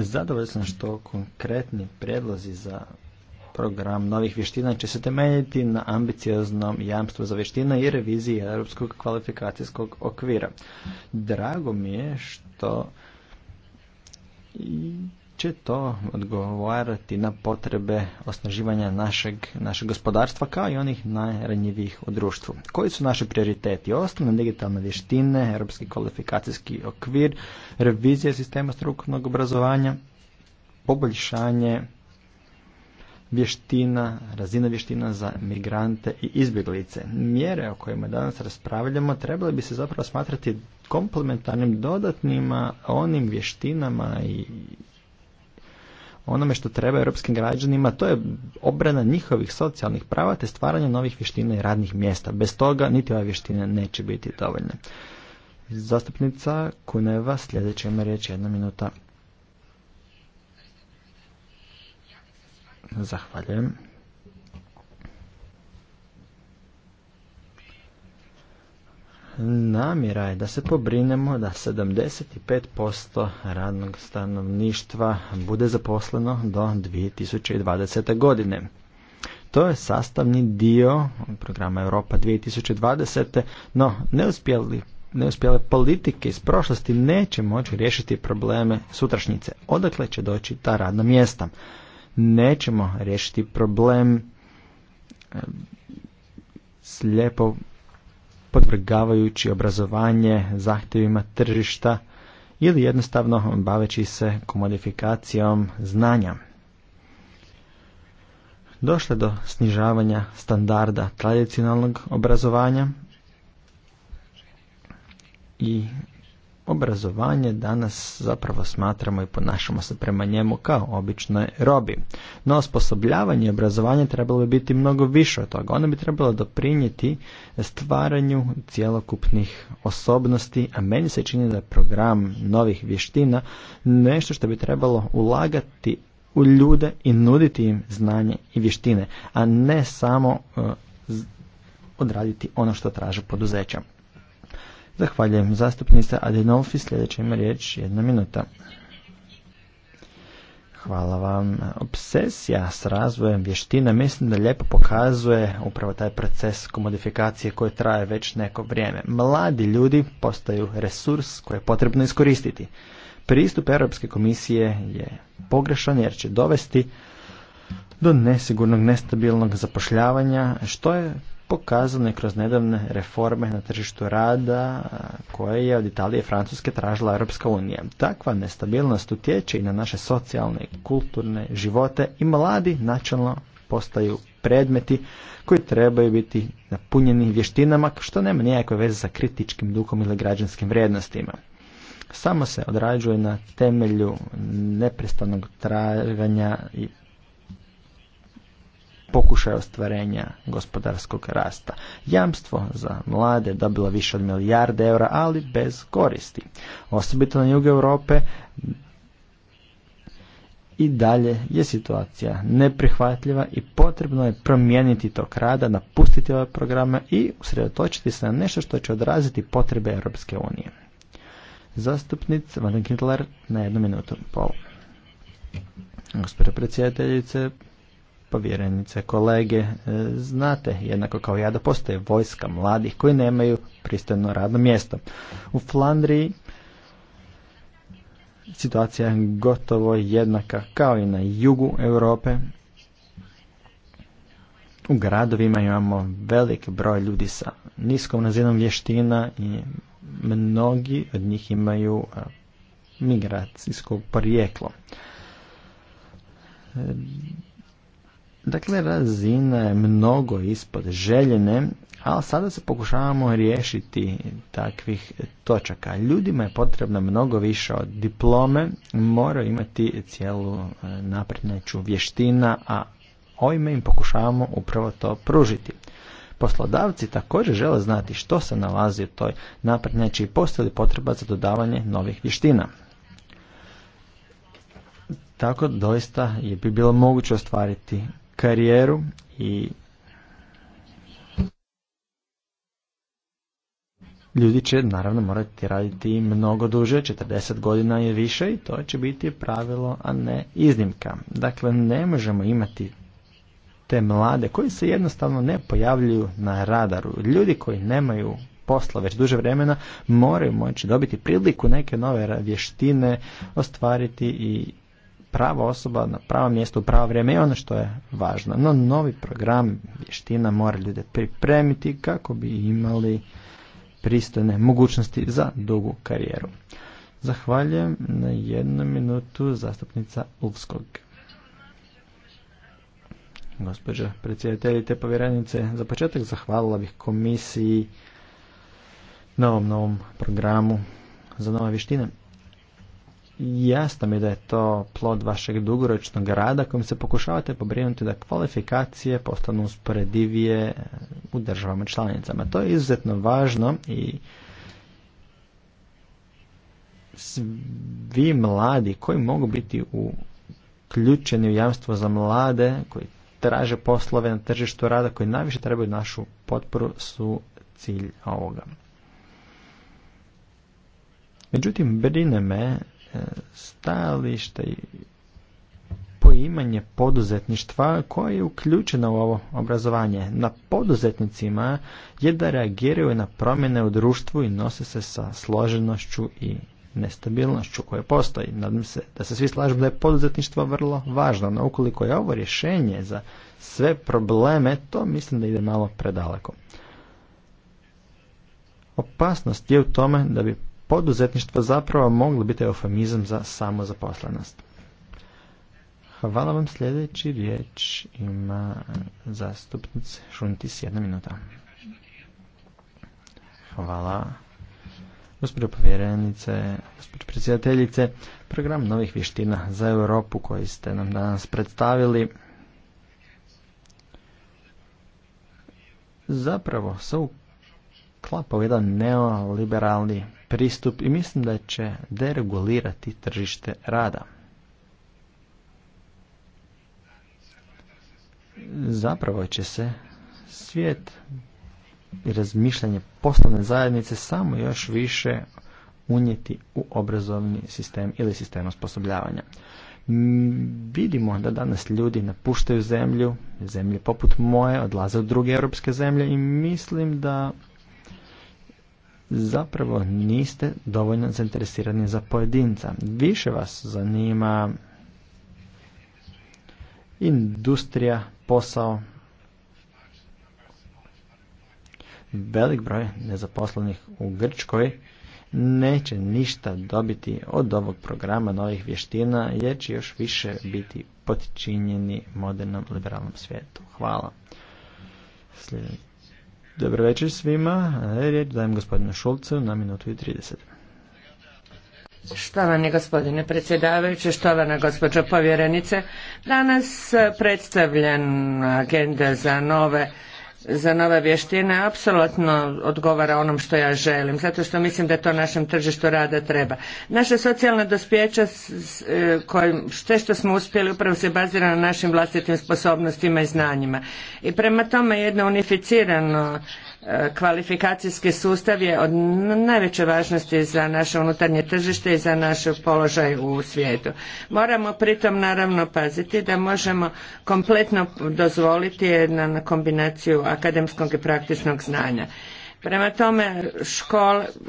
Zadovoljan sam što konkretni predlozi za program novih vještina će se temeljiti na ambicioznom jamstvu za vještina i reviziji Europskog kvalifikacijskog okvira. Drago mi je što će to odgovarati na potrebe osnaživanja našeg, našeg gospodarstva kao i onih najranjivijih u društvu. Koji su naši prioriteti? Osnovne digitalne vještine, europski kvalifikacijski okvir, revizija sistema strukovnog obrazovanja, poboljšanje vještina, razina vještina za migrante i izbjeglice. Mjere o kojima danas raspravljamo trebale bi se zapravo smatrati komplementarnim dodatnima onim vještinama i onome što treba europskim građanima, to je obrana njihovih socijalnih prava te stvaranje novih vještina i radnih mjesta. Bez toga niti ove vještine neće biti dovoljne. Zastupnica Kuneva, sljedeća ima riječ jedna minuta. Zahvaljujem. namjera je da se pobrinemo da 75% radnog stanovništva bude zaposleno do 2020. godine. To je sastavni dio programa Europa 2020. No, neuspjeli neuspjele politike iz prošlosti neće moći riješiti probleme sutrašnjice. Odakle će doći ta radna mjesta? Nećemo riješiti problem slijepo podvrgavajući obrazovanje zahtjevima tržišta ili jednostavno baveći se komodifikacijom znanja. Došlo do snižavanja standarda tradicionalnog obrazovanja i obrazovanje danas zapravo smatramo i ponašamo se prema njemu kao običnoj robi. No osposobljavanje i obrazovanje trebalo bi biti mnogo više od toga. Ono bi trebalo doprinijeti stvaranju cjelokupnih osobnosti, a meni se čini da je program novih vještina nešto što bi trebalo ulagati u ljude i nuditi im znanje i vještine, a ne samo e, odraditi ono što traže poduzeća. Zahvaljujem zastupnica Adinolfi, sljedeća ima riječ jedna minuta. Hvala vam. Obsesija s razvojem vještina mislim da lijepo pokazuje upravo taj proces komodifikacije koji traje već neko vrijeme. Mladi ljudi postaju resurs koji je potrebno iskoristiti. Pristup Europske komisije je pogrešan jer će dovesti do nesigurnog, nestabilnog zapošljavanja, što je pokazano je kroz nedavne reforme na tržištu rada koje je od Italije i Francuske tražila Europska unija. Takva nestabilnost utječe i na naše socijalne i kulturne živote i mladi načalno postaju predmeti koji trebaju biti napunjeni vještinama što nema nijakve veze sa kritičkim dukom ili građanskim vrijednostima. Samo se odrađuje na temelju neprestanog traganja i pokušaj ostvarenja gospodarskog rasta. Jamstvo za mlade dobilo više od milijarde eura, ali bez koristi. Osobito na jugu Europe i dalje je situacija neprihvatljiva i potrebno je promijeniti tog rada, napustiti ove programe i usredotočiti se na nešto što će odraziti potrebe Europske unije. Zastupnic Van na jednu minutu pol. Gospodine predsjedateljice, povjerenice, kolege, e, znate jednako kao ja da postoje vojska mladih koji nemaju pristojno radno mjesto. U Flandriji situacija je gotovo jednaka kao i na jugu Europe. U gradovima imamo velik broj ljudi sa niskom razinom vještina i mnogi od njih imaju e, migracijsko porijeklo Dakle, razina je mnogo ispod željene, ali sada se pokušavamo riješiti takvih točaka. Ljudima je potrebno mnogo više od diplome, moraju imati cijelu e, napredneću vještina, a ovime im pokušavamo upravo to pružiti. Poslodavci također žele znati što se nalazi u toj naprednjači i postoji potreba za dodavanje novih vještina. Tako doista je bi bilo moguće ostvariti karijeru i ljudi će naravno morati raditi mnogo duže, 40 godina je više i to će biti pravilo, a ne iznimka. Dakle, ne možemo imati te mlade koji se jednostavno ne pojavljuju na radaru. Ljudi koji nemaju posla već duže vremena moraju moći dobiti priliku neke nove vještine ostvariti i prava osoba na pravo mjesto u pravo vrijeme i ono što je važno. No novi program vještina mora ljude pripremiti kako bi imali pristojne mogućnosti za dugu karijeru. Zahvaljujem na jednu minutu zastupnica Ulskog. te povjerenice, za početak zahvalila bih komisiji novom novom programu za nove vještine. Jasno mi da je to plod vašeg dugoročnog rada kojim se pokušavate pobrinuti da kvalifikacije postanu usporedivije eh, u državama članicama. To je izuzetno važno i vi mladi koji mogu biti uključeni u jamstvo za mlade, koji traže poslove na tržištu rada, koji najviše trebaju našu potporu, su cilj ovoga. Međutim, brine me E, stajalište i poimanje poduzetništva koje je uključeno u ovo obrazovanje. Na poduzetnicima je da reagiraju na promjene u društvu i nose se sa složenošću i nestabilnošću koja postoji. Nadam se da se svi slažu da je poduzetništvo vrlo važno, no ukoliko je ovo rješenje za sve probleme, to mislim da ide malo predaleko. Opasnost je u tome da bi poduzetništvo zapravo moglo biti eufemizam za samozaposlenost. Hvala vam sljedeći riječ ima zastupnice Šuntis, jedna minuta. Hvala. Gospođo povjerenice, gospođo predsjedateljice, program novih vještina za Europu koji ste nam danas predstavili zapravo se uklapao u jedan neoliberalni pristup i mislim da će deregulirati tržište rada. Zapravo će se svijet i razmišljanje poslovne zajednice samo još više unijeti u obrazovni sistem ili sistem osposobljavanja. Vidimo da danas ljudi napuštaju zemlju, zemlje poput moje odlaze u druge europske zemlje i mislim da zapravo niste dovoljno zainteresirani za pojedinca. Više vas zanima industrija, posao, velik broj nezaposlenih u Grčkoj neće ništa dobiti od ovog programa novih vještina jer će još više biti potičinjeni modernom liberalnom svijetu. Hvala. Dobar večer svima. Riječ dajem gospodinu Šulcu na minutu i 30. Štovani gospodine predsjedavajući, štovana gospođo povjerenice, danas predstavljen agenda za nove za nove vještine apsolutno odgovara onom što ja želim, zato što mislim da to našem tržištu rada treba. Naša socijalna dospjeća, e, kojim, sve što smo uspjeli, upravo se bazira na našim vlastitim sposobnostima i znanjima. I prema tome jedno unificirano kvalifikacijski sustav je od najveće važnosti za naše unutarnje tržište i za naš položaj u svijetu. Moramo pritom naravno paziti da možemo kompletno dozvoliti na kombinaciju akademskog i praktičnog znanja. Prema tome,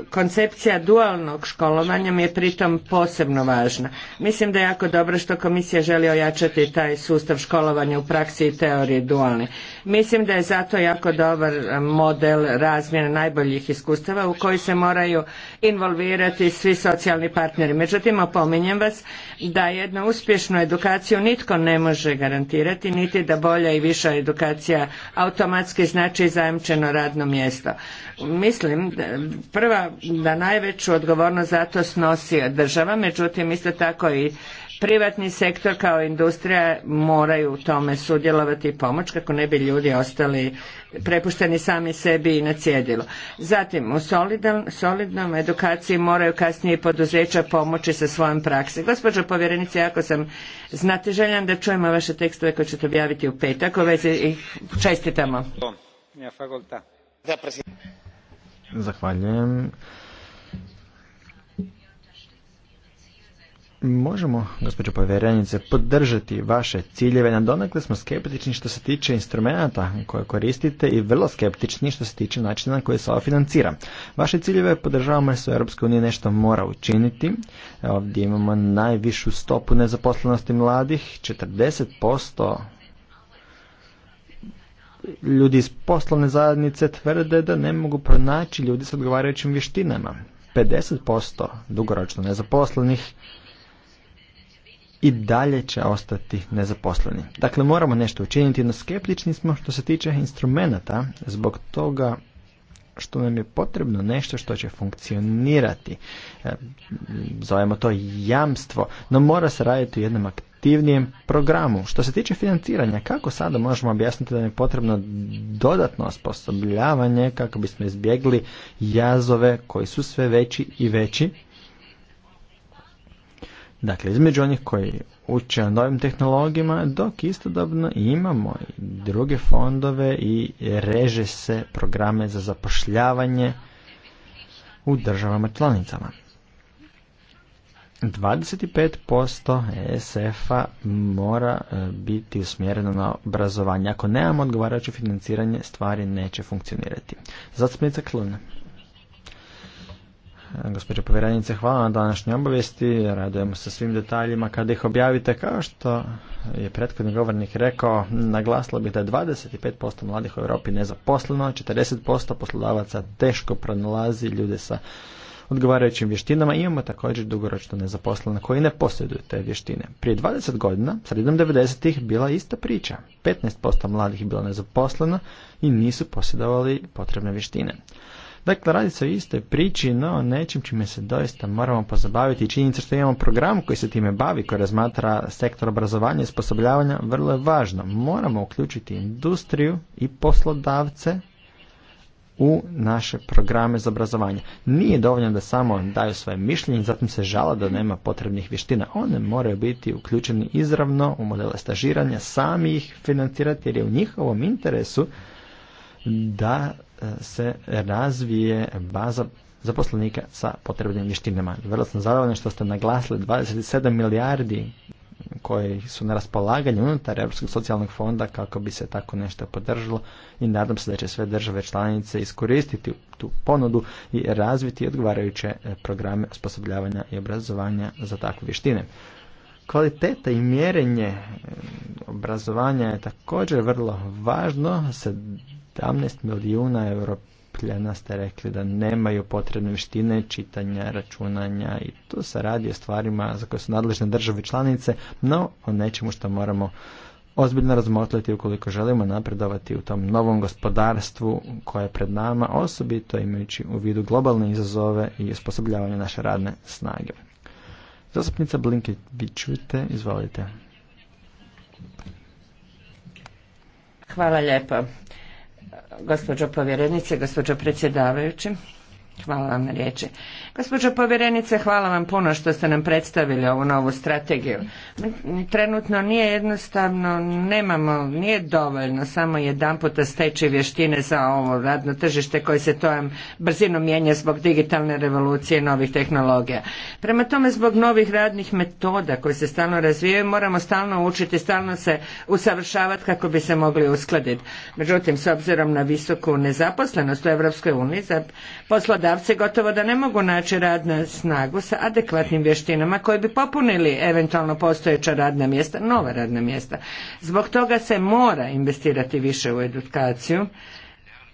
koncepcija dualnog školovanja mi je pritom posebno važna. Mislim da je jako dobro što komisija želi ojačati taj sustav školovanja u praksi i teoriji dualni. Mislim da je zato jako dobar e, model razmjene najboljih iskustava u koji se moraju involvirati svi socijalni partneri. Međutim, opominjem vas da jednu uspješnu edukaciju nitko ne može garantirati, niti da bolja i viša edukacija automatski znači zajamčeno radno mjesto. Mislim, prva da najveću odgovornost za to snosi država, međutim isto tako i privatni sektor kao industrija moraju u tome sudjelovati i pomoć kako ne bi ljudi ostali prepušteni sami sebi i na cjedilu. Zatim, u solidnom edukaciji moraju kasnije poduzeća pomoći sa svojom praksi. Gospođo povjerenice, ako sam znate da čujemo vaše tekstove koje ćete objaviti u petak, u vezi i čestitamo. Zahvaljujem. Možemo, gospođo povjerenice, podržati vaše ciljeve, na donakle smo skeptični što se tiče instrumenta koje koristite i vrlo skeptični što se tiče načina na koji se ovo financira. Vaše ciljeve podržavamo jer se Europska unija nešto mora učiniti. Ovdje imamo najvišu stopu nezaposlenosti mladih, 40% ljudi iz poslovne zajednice tvrde da ne mogu pronaći ljudi s odgovarajućim vještinama. 50% dugoročno nezaposlenih i dalje će ostati nezaposleni. Dakle, moramo nešto učiniti, no skeptični smo što se tiče instrumenata zbog toga što nam je potrebno nešto što će funkcionirati. E, zovemo to jamstvo, no mora se raditi u jednom aktivnijem programu. Što se tiče financiranja, kako sada možemo objasniti da nam je potrebno dodatno osposobljavanje kako bismo izbjegli jazove koji su sve veći i veći Dakle, između onih koji uče o novim tehnologijama, dok istodobno imamo i druge fondove i reže se programe za zapošljavanje u državama članicama. 25% ESF-a mora e, biti usmjereno na obrazovanje. Ako nemamo odgovarajuće financiranje, stvari neće funkcionirati. Zastupnica klune. Gospođo povjerenice, hvala na današnjoj obavijesti. Radujemo se svim detaljima kada ih objavite. Kao što je prethodni govornik rekao, naglasilo bih da je 25% mladih u Europi nezaposleno, 40% poslodavaca teško pronalazi ljude sa odgovarajućim vještinama. Imamo također dugoročno nezaposleno koji ne posjeduju te vještine. Prije 20 godina, sredinom 90-ih, bila ista priča. 15% mladih je bilo nezaposleno i nisu posjedovali potrebne vještine. Dakle, radi se o istoj priči, no nečim čime se doista moramo pozabaviti činjenica što imamo program koji se time bavi, koji razmatra sektor obrazovanja i sposobljavanja, vrlo je važno. Moramo uključiti industriju i poslodavce u naše programe za obrazovanje. Nije dovoljno da samo daju svoje mišljenje, zatim se žala da nema potrebnih vještina. One moraju biti uključeni izravno u modele stažiranja, sami ih financirati jer je u njihovom interesu da E, se razvije baza zaposlenika sa potrebnim vještinama. Vrlo sam zadovoljan što ste naglasili 27 milijardi koji su na raspolaganju unutar Europskog socijalnog fonda kako bi se tako nešto podržalo i nadam se da će sve države članice iskoristiti tu ponudu i razviti odgovarajuće e, programe osposobljavanja i obrazovanja za takve vještine. Kvaliteta i mjerenje e, obrazovanja je također vrlo važno. se 17 milijuna europljana ste rekli da nemaju potrebne vještine čitanja, računanja i tu se radi o stvarima za koje su nadležne države članice, no o nečemu što moramo ozbiljno razmotriti ukoliko želimo napredovati u tom novom gospodarstvu koje je pred nama, osobito imajući u vidu globalne izazove i osposobljavanje naše radne snage. Zastupnica vi čujte, izvolite. Hvala lijepo gospođo povjerenice, gospođo predsjedavajući. Hvala vam na riječi. Gospođo povjerenice, hvala vam puno što ste nam predstavili ovu novu strategiju. Trenutno nije jednostavno, nemamo, nije dovoljno samo jedan puta steći vještine za ovo radno tržište koje se to brzino mijenja zbog digitalne revolucije i novih tehnologija. Prema tome, zbog novih radnih metoda koje se stalno razvijaju, moramo stalno učiti, stalno se usavršavati kako bi se mogli uskladiti. Međutim, s obzirom na visoku nezaposlenost u Europskoj uniji, poslodavci gotovo da ne mogu naći radnu snagu sa adekvatnim vještinama koje bi popunili eventualno postojeća radna mjesta, nova radna mjesta. Zbog toga se mora investirati više u edukaciju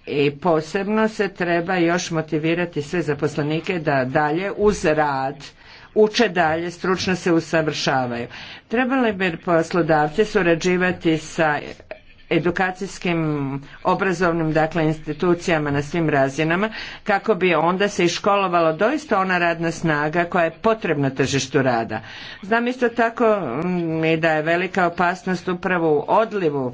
i posebno se treba još motivirati sve zaposlenike da dalje uz rad uče dalje, stručno se usavršavaju. Trebali bi poslodavci surađivati sa edukacijskim obrazovnim dakle institucijama na svim razinama kako bi onda se iškolovalo doista ona radna snaga koja je potrebna tržištu rada. Znam isto tako mm, i da je velika opasnost upravo u odlivu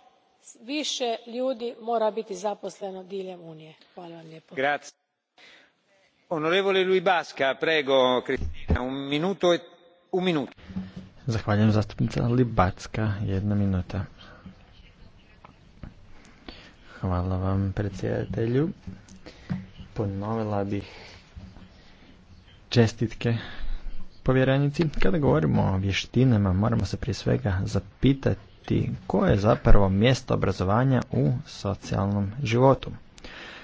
više ljudi mora biti zaposleno diljem unije. hvala vam lijepo. E Zahvaljujem zastupnica Libacka, jedna minuta. Hvala vam predsjedatelju. Ponovila bih čestitke povjerenici. Kada govorimo o vještinama, moramo se prije svega zapitati koje je zapravo mjesto obrazovanja u socijalnom životu.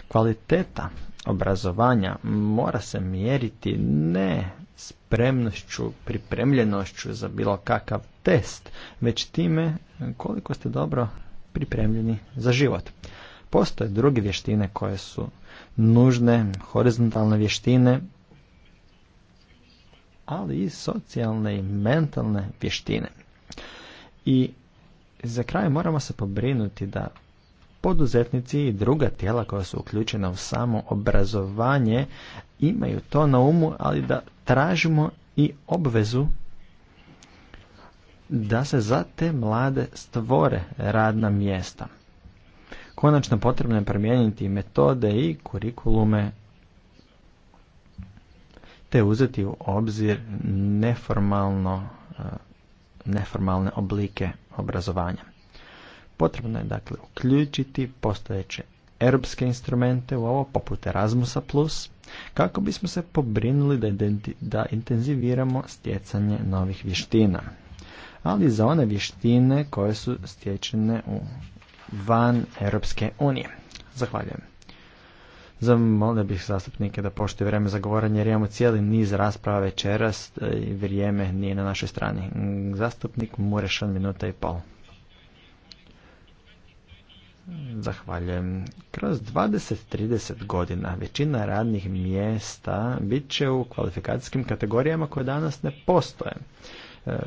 Kvaliteta obrazovanja mora se mjeriti ne spremnošću, pripremljenošću za bilo kakav test, već time koliko ste dobro pripremljeni za život. Postoje druge vještine koje su nužne, horizontalne vještine, ali i socijalne i mentalne vještine. I za kraj moramo se pobrinuti da poduzetnici i druga tijela koja su uključena u samo obrazovanje imaju to na umu, ali da tražimo i obvezu da se za te mlade stvore radna mjesta. Konačno potrebno je promijeniti metode i kurikulume te uzeti u obzir neformalno, eh, neformalne oblike obrazovanja. Potrebno je dakle uključiti postojeće europske instrumente u ovo, poput Erasmusa+, kako bismo se pobrinuli da, da intenziviramo stjecanje novih vještina. Ali za one vještine koje su stječene u van Europske unije. Zahvaljujem. Zamolio bih zastupnike da poštuje vrijeme za govoranje jer imamo cijeli niz rasprava večeras e, i vrijeme nije na našoj strani. Zastupnik Murešan minuta i pol. Zahvaljujem. Kroz 20-30 godina većina radnih mjesta bit će u kvalifikacijskim kategorijama koje danas ne postoje. E,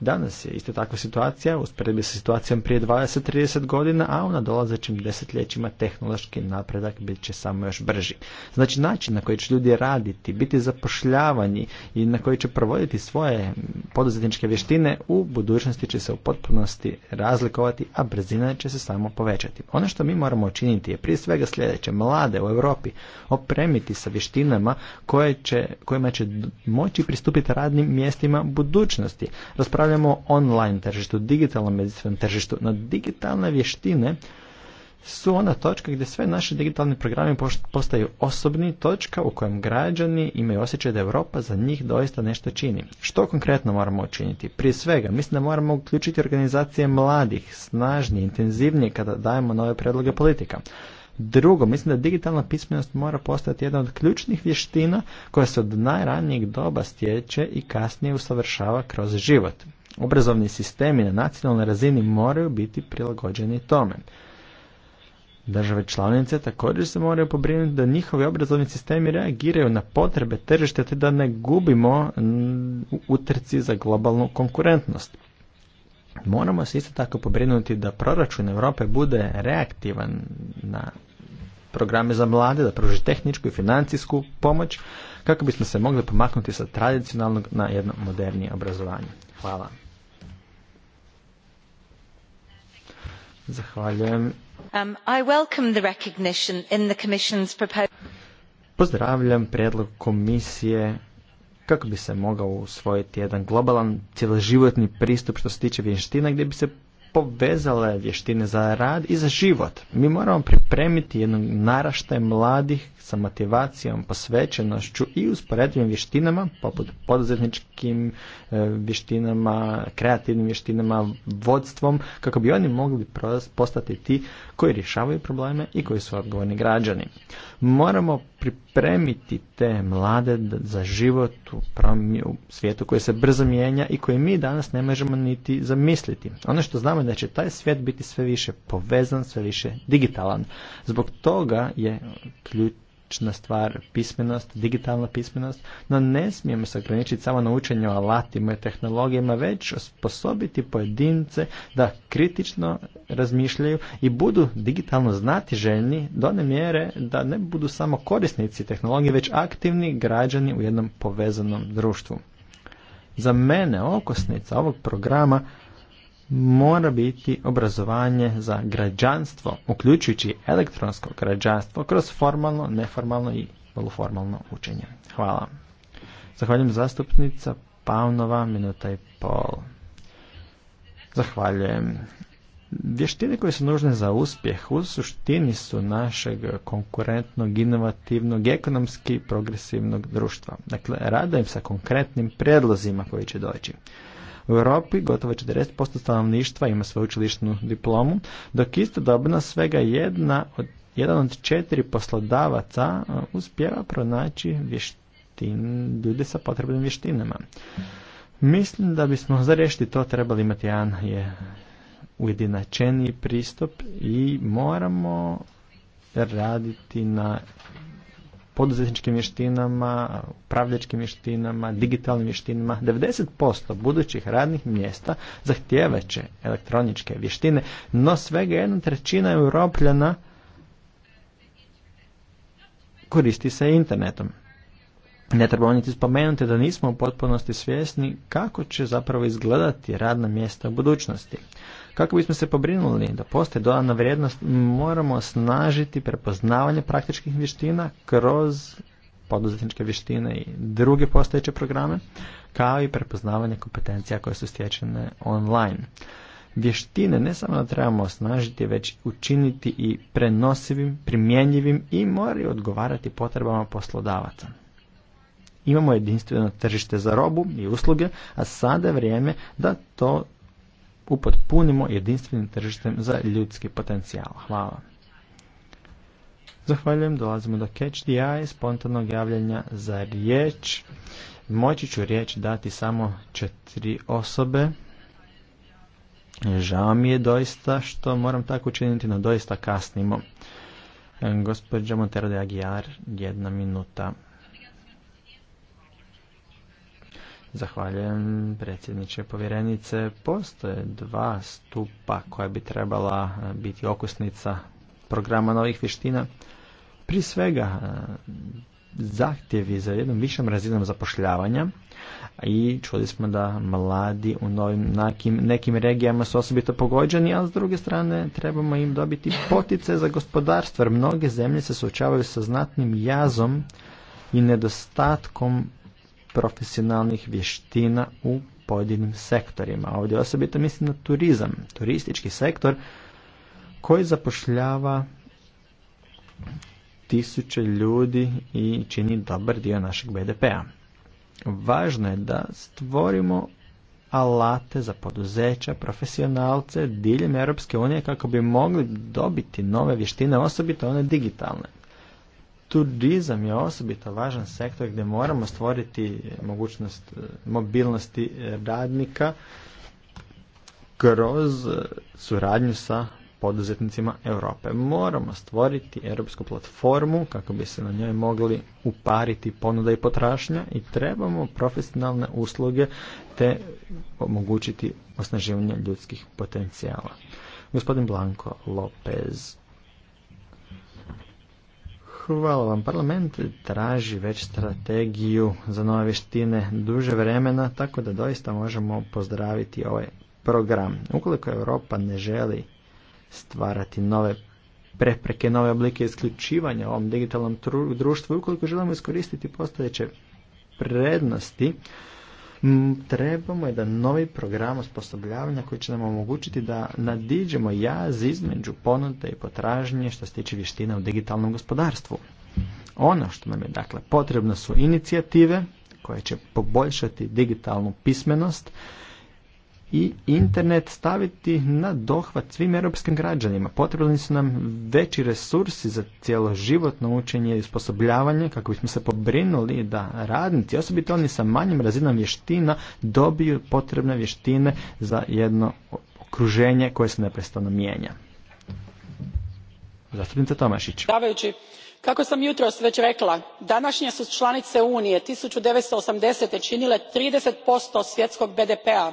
Danas je isto takva situacija usporedbi sa situacijom prije 20-30 godina, a u nadolazećim desetljećima tehnološki napredak bit će samo još brži. Znači način na koji će ljudi raditi, biti zapošljavani i na koji će provoditi svoje poduzetničke vještine u budućnosti će se u potpunosti razlikovati, a brzina će se samo povećati. Ono što mi moramo učiniti je prije svega sljedeće, mlade u Europi opremiti sa vještinama koje će, kojima će moći pristupiti radnim mjestima budućnosti raspravljamo o online tržištu, digitalnom medicinskom tržištu, no digitalne vještine su ona točka gdje sve naše digitalni programi postaju osobni točka u kojem građani imaju osjećaj da Europa za njih doista nešto čini. Što konkretno moramo učiniti? Prije svega, mislim da moramo uključiti organizacije mladih, snažnije, intenzivnije kada dajemo nove predloge politika. Drugo, mislim da digitalna pismenost mora postati jedna od ključnih vještina koja se od najranijeg doba stječe i kasnije usavršava kroz život. Obrazovni sistemi na nacionalnoj razini moraju biti prilagođeni tome. Države članice također se moraju pobrinuti da njihovi obrazovni sistemi reagiraju na potrebe tržišta te da ne gubimo utrci za globalnu konkurentnost. Moramo se isto tako pobrinuti da proračun Europe bude reaktivan na programe za mlade, da pruži tehničku i financijsku pomoć kako bismo se mogli pomaknuti sa tradicionalnog na jedno modernije obrazovanje. Hvala. Zahvaljujem. Um, I welcome the recognition in the Commission's proposal. Pozdravljam predlog komisije kako bi se mogao usvojiti jedan globalan cjeloživotni pristup što se tiče vještina gdje bi se povezale vještine za rad i za život. Mi moramo pripremiti jednog naraštaj mladih sa motivacijom, posvećenošću i usporedivim vještinama, poput poduzetničkim e, vještinama, kreativnim vještinama, vodstvom, kako bi oni mogli postati ti koji rješavaju probleme i koji su odgovorni građani moramo pripremiti te mlade za život u, svijetu koji se brzo mijenja i koji mi danas ne možemo niti zamisliti. Ono što znamo je da će taj svijet biti sve više povezan, sve više digitalan. Zbog toga je ključ stvar pismenost, digitalna pismenost, no ne smijemo se ograničiti samo na učenje o alatima i tehnologijama, već osposobiti pojedince da kritično razmišljaju i budu digitalno znati željni do one mjere da ne budu samo korisnici tehnologije, već aktivni građani u jednom povezanom društvu. Za mene okosnica ovog programa mora biti obrazovanje za građanstvo, uključujući elektronsko građanstvo, kroz formalno, neformalno i poluformalno učenje. Hvala. Zahvaljujem zastupnica Pavnova, minuta i pol. Zahvaljujem. Vještine koje su nužne za uspjeh u suštini su našeg konkurentnog, inovativnog, ekonomski progresivnog društva. Dakle, radujem sa konkretnim predlozima koji će doći. U Europi gotovo 40% stanovništva ima svoju sveučilišnu diplomu, dok istodobno svega jedna od, jedan od četiri poslodavaca uspjeva pronaći vještin, ljude sa potrebnim vještinama. Mislim da bismo za riješiti to trebali imati jedan je ujedinačeniji pristup i moramo raditi na poduzetničkim vještinama, upravljačkim vještinama, digitalnim vještinama. 90% budućih radnih mjesta zahtijevaće elektroničke vještine, no svega jedna trećina europljana koristi se internetom. Ne treba niti spomenuti da nismo u potpunosti svjesni kako će zapravo izgledati radna mjesta u budućnosti. Kako bismo se pobrinuli da postoje dodana vrijednost, moramo snažiti prepoznavanje praktičkih vještina kroz poduzetničke vještine i druge postojeće programe, kao i prepoznavanje kompetencija koje su stječene online. Vještine ne samo da trebamo osnažiti, već učiniti i prenosivim, primjenjivim i moraju odgovarati potrebama poslodavaca. Imamo jedinstveno tržište za robu i usluge, a sada je vrijeme da to upotpunimo jedinstvenim tržištem za ljudski potencijal. Hvala. Zahvaljujem, dolazimo do Catch the Eye, spontanog javljanja za riječ. Moći ću riječ dati samo četiri osobe. Žao mi je doista što moram tako učiniti, no doista kasnimo. Gospodin Montero de Aguiar, jedna minuta. Zahvaljujem predsjedniče povjerenice. Postoje dva stupa koja bi trebala eh, biti okusnica programa novih vještina. Pri svega eh, zahtjevi za jednom višom razinom zapošljavanja i čuli smo da mladi u novim nekim nekim regijama su osobito pogođeni, a s druge strane trebamo im dobiti potice za gospodarstvo jer mnoge zemlje se suočavaju sa znatnim jazom i nedostatkom profesionalnih vještina u pojedinim sektorima. Ovdje osobito mislim na turizam, turistički sektor koji zapošljava tisuće ljudi i čini dobar dio našeg BDP-a. Važno je da stvorimo alate za poduzeća, profesionalce diljem Europske unije kako bi mogli dobiti nove vještine, osobito one digitalne turizam je osobito važan sektor gdje moramo stvoriti mogućnost e, mobilnosti e, radnika kroz e, suradnju sa poduzetnicima Europe. Moramo stvoriti europsku platformu kako bi se na njoj mogli upariti ponuda i potrašnja i trebamo profesionalne usluge te omogućiti osnaživanje ljudskih potencijala. Gospodin Blanko Lopez. Hvala vam. Parlament traži već strategiju za nove vještine duže vremena, tako da doista možemo pozdraviti ovaj program. Ukoliko Europa ne želi stvarati nove prepreke, nove oblike isključivanja ovom digitalnom društvu, ukoliko želimo iskoristiti postojeće prednosti, trebamo jedan novi program osposobljavanja koji će nam omogućiti da nadiđemo jaz između ponude i potražnje što se tiče vještina u digitalnom gospodarstvu. Ono što nam je dakle potrebno su inicijative koje će poboljšati digitalnu pismenost, i internet staviti na dohvat svim europskim građanima. Potrebni su nam veći resursi za cijelo životno učenje i usposobljavanje kako bismo se pobrinuli da radnici, osobito oni sa manjim razinom vještina, dobiju potrebne vještine za jedno okruženje koje se neprestano mijenja. Zastupnica Tomašić. Davajući, kako sam jutros već rekla, današnje su članice Unije 1980. činile 30% svjetskog BDP-a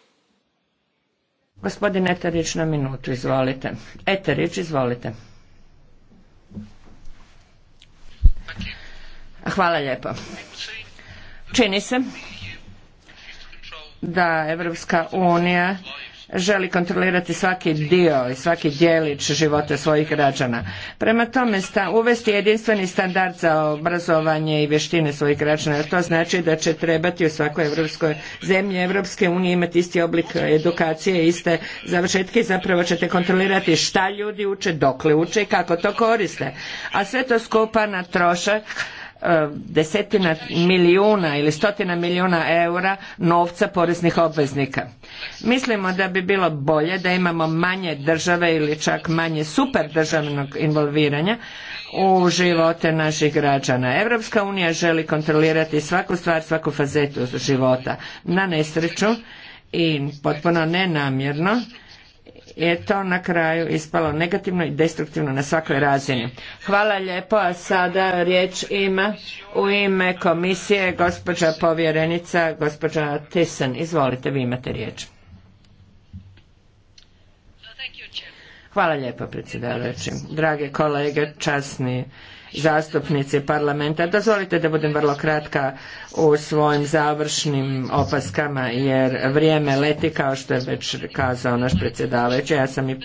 Gospodin Eterić na minutu, izvolite. Eterić, izvolite. Hvala lijepo. Čini se da Evropska unija želi kontrolirati svaki dio i svaki djelić života svojih građana. Prema tome, sta, uvesti jedinstveni standard za obrazovanje i vještine svojih građana, to znači da će trebati u svakoj europskoj zemlji Europske unije imati isti oblik edukacije, iste završetke i zapravo ćete kontrolirati šta ljudi uče, dokle uče i kako to koriste. A sve to skupa na trošak desetina milijuna ili stotina milijuna eura novca poreznih obveznika. Mislimo da bi bilo bolje da imamo manje države ili čak manje super državnog involviranja u živote naših građana. Europska unija želi kontrolirati svaku stvar, svaku fazetu života. Na nesreću i potpuno nenamjerno je to na kraju ispalo negativno i destruktivno na svakoj razini. Hvala lijepo, a sada riječ ima u ime komisije gospođa povjerenica, gospođa Tissen. Izvolite, vi imate riječ. Hvala lijepo predsjedavajući. Drage kolege, časni zastupnici parlamenta. Dozvolite da budem vrlo kratka u svojim završnim opaskama jer vrijeme leti kao što je već kazao naš predsjedavajući. Ja sam i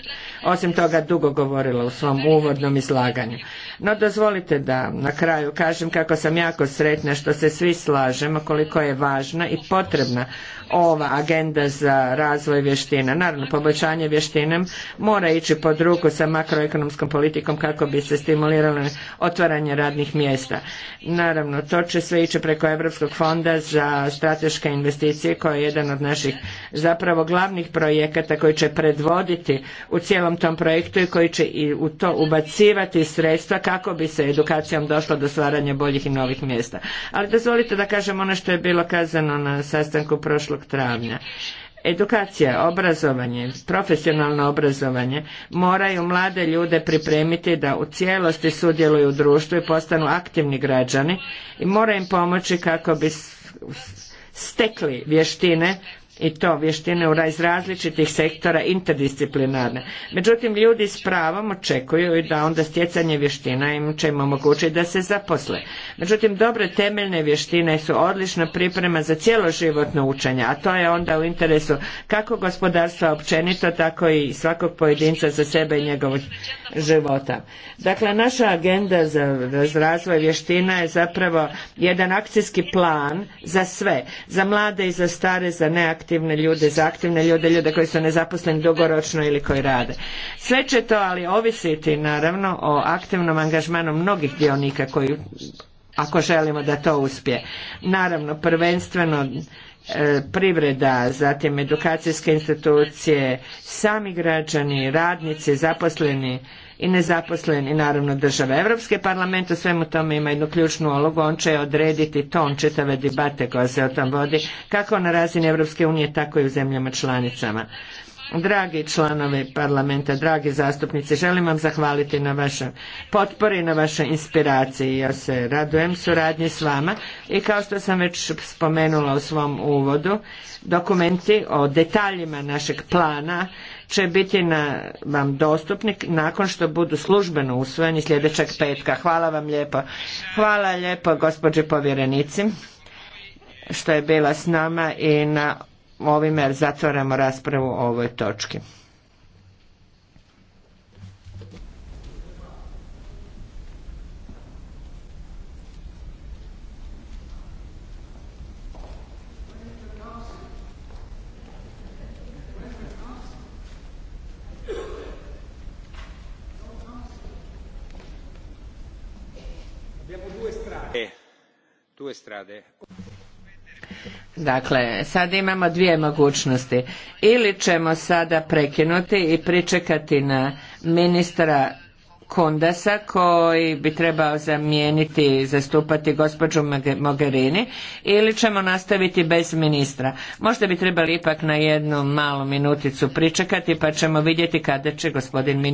osim toga dugo govorila u svom uvodnom izlaganju. No dozvolite da na kraju kažem kako sam jako sretna što se svi slažemo koliko je važna i potrebna ova agenda za razvoj vještina. Naravno, poboljšanje vještinem mora ići pod ruku sa makroekonomskom politikom kako bi se stimuliralo otvaranje radnih mjesta. Naravno, to će sve ići preko Europskog fonda za strateške investicije koji je jedan od naših zapravo glavnih projekata koji će predvoditi u cijelom tom projektu i koji će i u to ubacivati sredstva kako bi se edukacijom došlo do stvaranja boljih i novih mjesta. Ali dozvolite da kažem ono što je bilo kazano na sastanku prošlog travnja. Edukacija, obrazovanje, profesionalno obrazovanje moraju mlade ljude pripremiti da u cijelosti sudjeluju u društvu i postanu aktivni građani i mora im pomoći kako bi stekli vještine i to vještine iz različitih sektora interdisciplinarne. Međutim, ljudi s pravom očekuju da onda stjecanje vještina im će im omogućiti da se zaposle. Međutim, dobre temeljne vještine su odlična priprema za cjeloživotno učenje, a to je onda u interesu kako gospodarstva općenito, tako i svakog pojedinca za sebe i njegovog života. Dakle, naša agenda za razvoj vještina je zapravo jedan akcijski plan za sve, za mlade i za stare, za neaktivne aktivne ljude, za aktivne ljude, ljude koji su nezaposleni dugoročno ili koji rade. Sve će to ali ovisiti naravno o aktivnom angažmanu mnogih dionika koji ako želimo da to uspije. Naravno, prvenstveno e, privreda, zatim edukacijske institucije, sami građani, radnici, zaposleni, i nezaposleni, naravno države. Evropske parlament u svemu tome ima jednu ključnu ulogu, on će odrediti ton čitave debate koja se o tom vodi, kako na razini Europske unije, tako i u zemljama članicama. Dragi članovi parlamenta, dragi zastupnici, želim vam zahvaliti na vašoj potpori, na vašoj inspiraciji. Ja se radujem suradnji s vama i kao što sam već spomenula u svom uvodu, dokumenti o detaljima našeg plana će biti vam dostupni nakon što budu službeno usvojeni sljedećeg petka. Hvala vam lijepo. Hvala lijepo gospođi povjerenici što je bila s nama i na ovime zatvaramo raspravu o ovoj točki. Dakle, sad imamo dvije mogućnosti. Ili ćemo sada prekinuti i pričekati na ministra Kundasa koji bi trebao zamijeniti i zastupati gospođu Mogherini ili ćemo nastaviti bez ministra. Možda bi trebali ipak na jednu malu minuticu pričekati pa ćemo vidjeti kada će gospodin ministar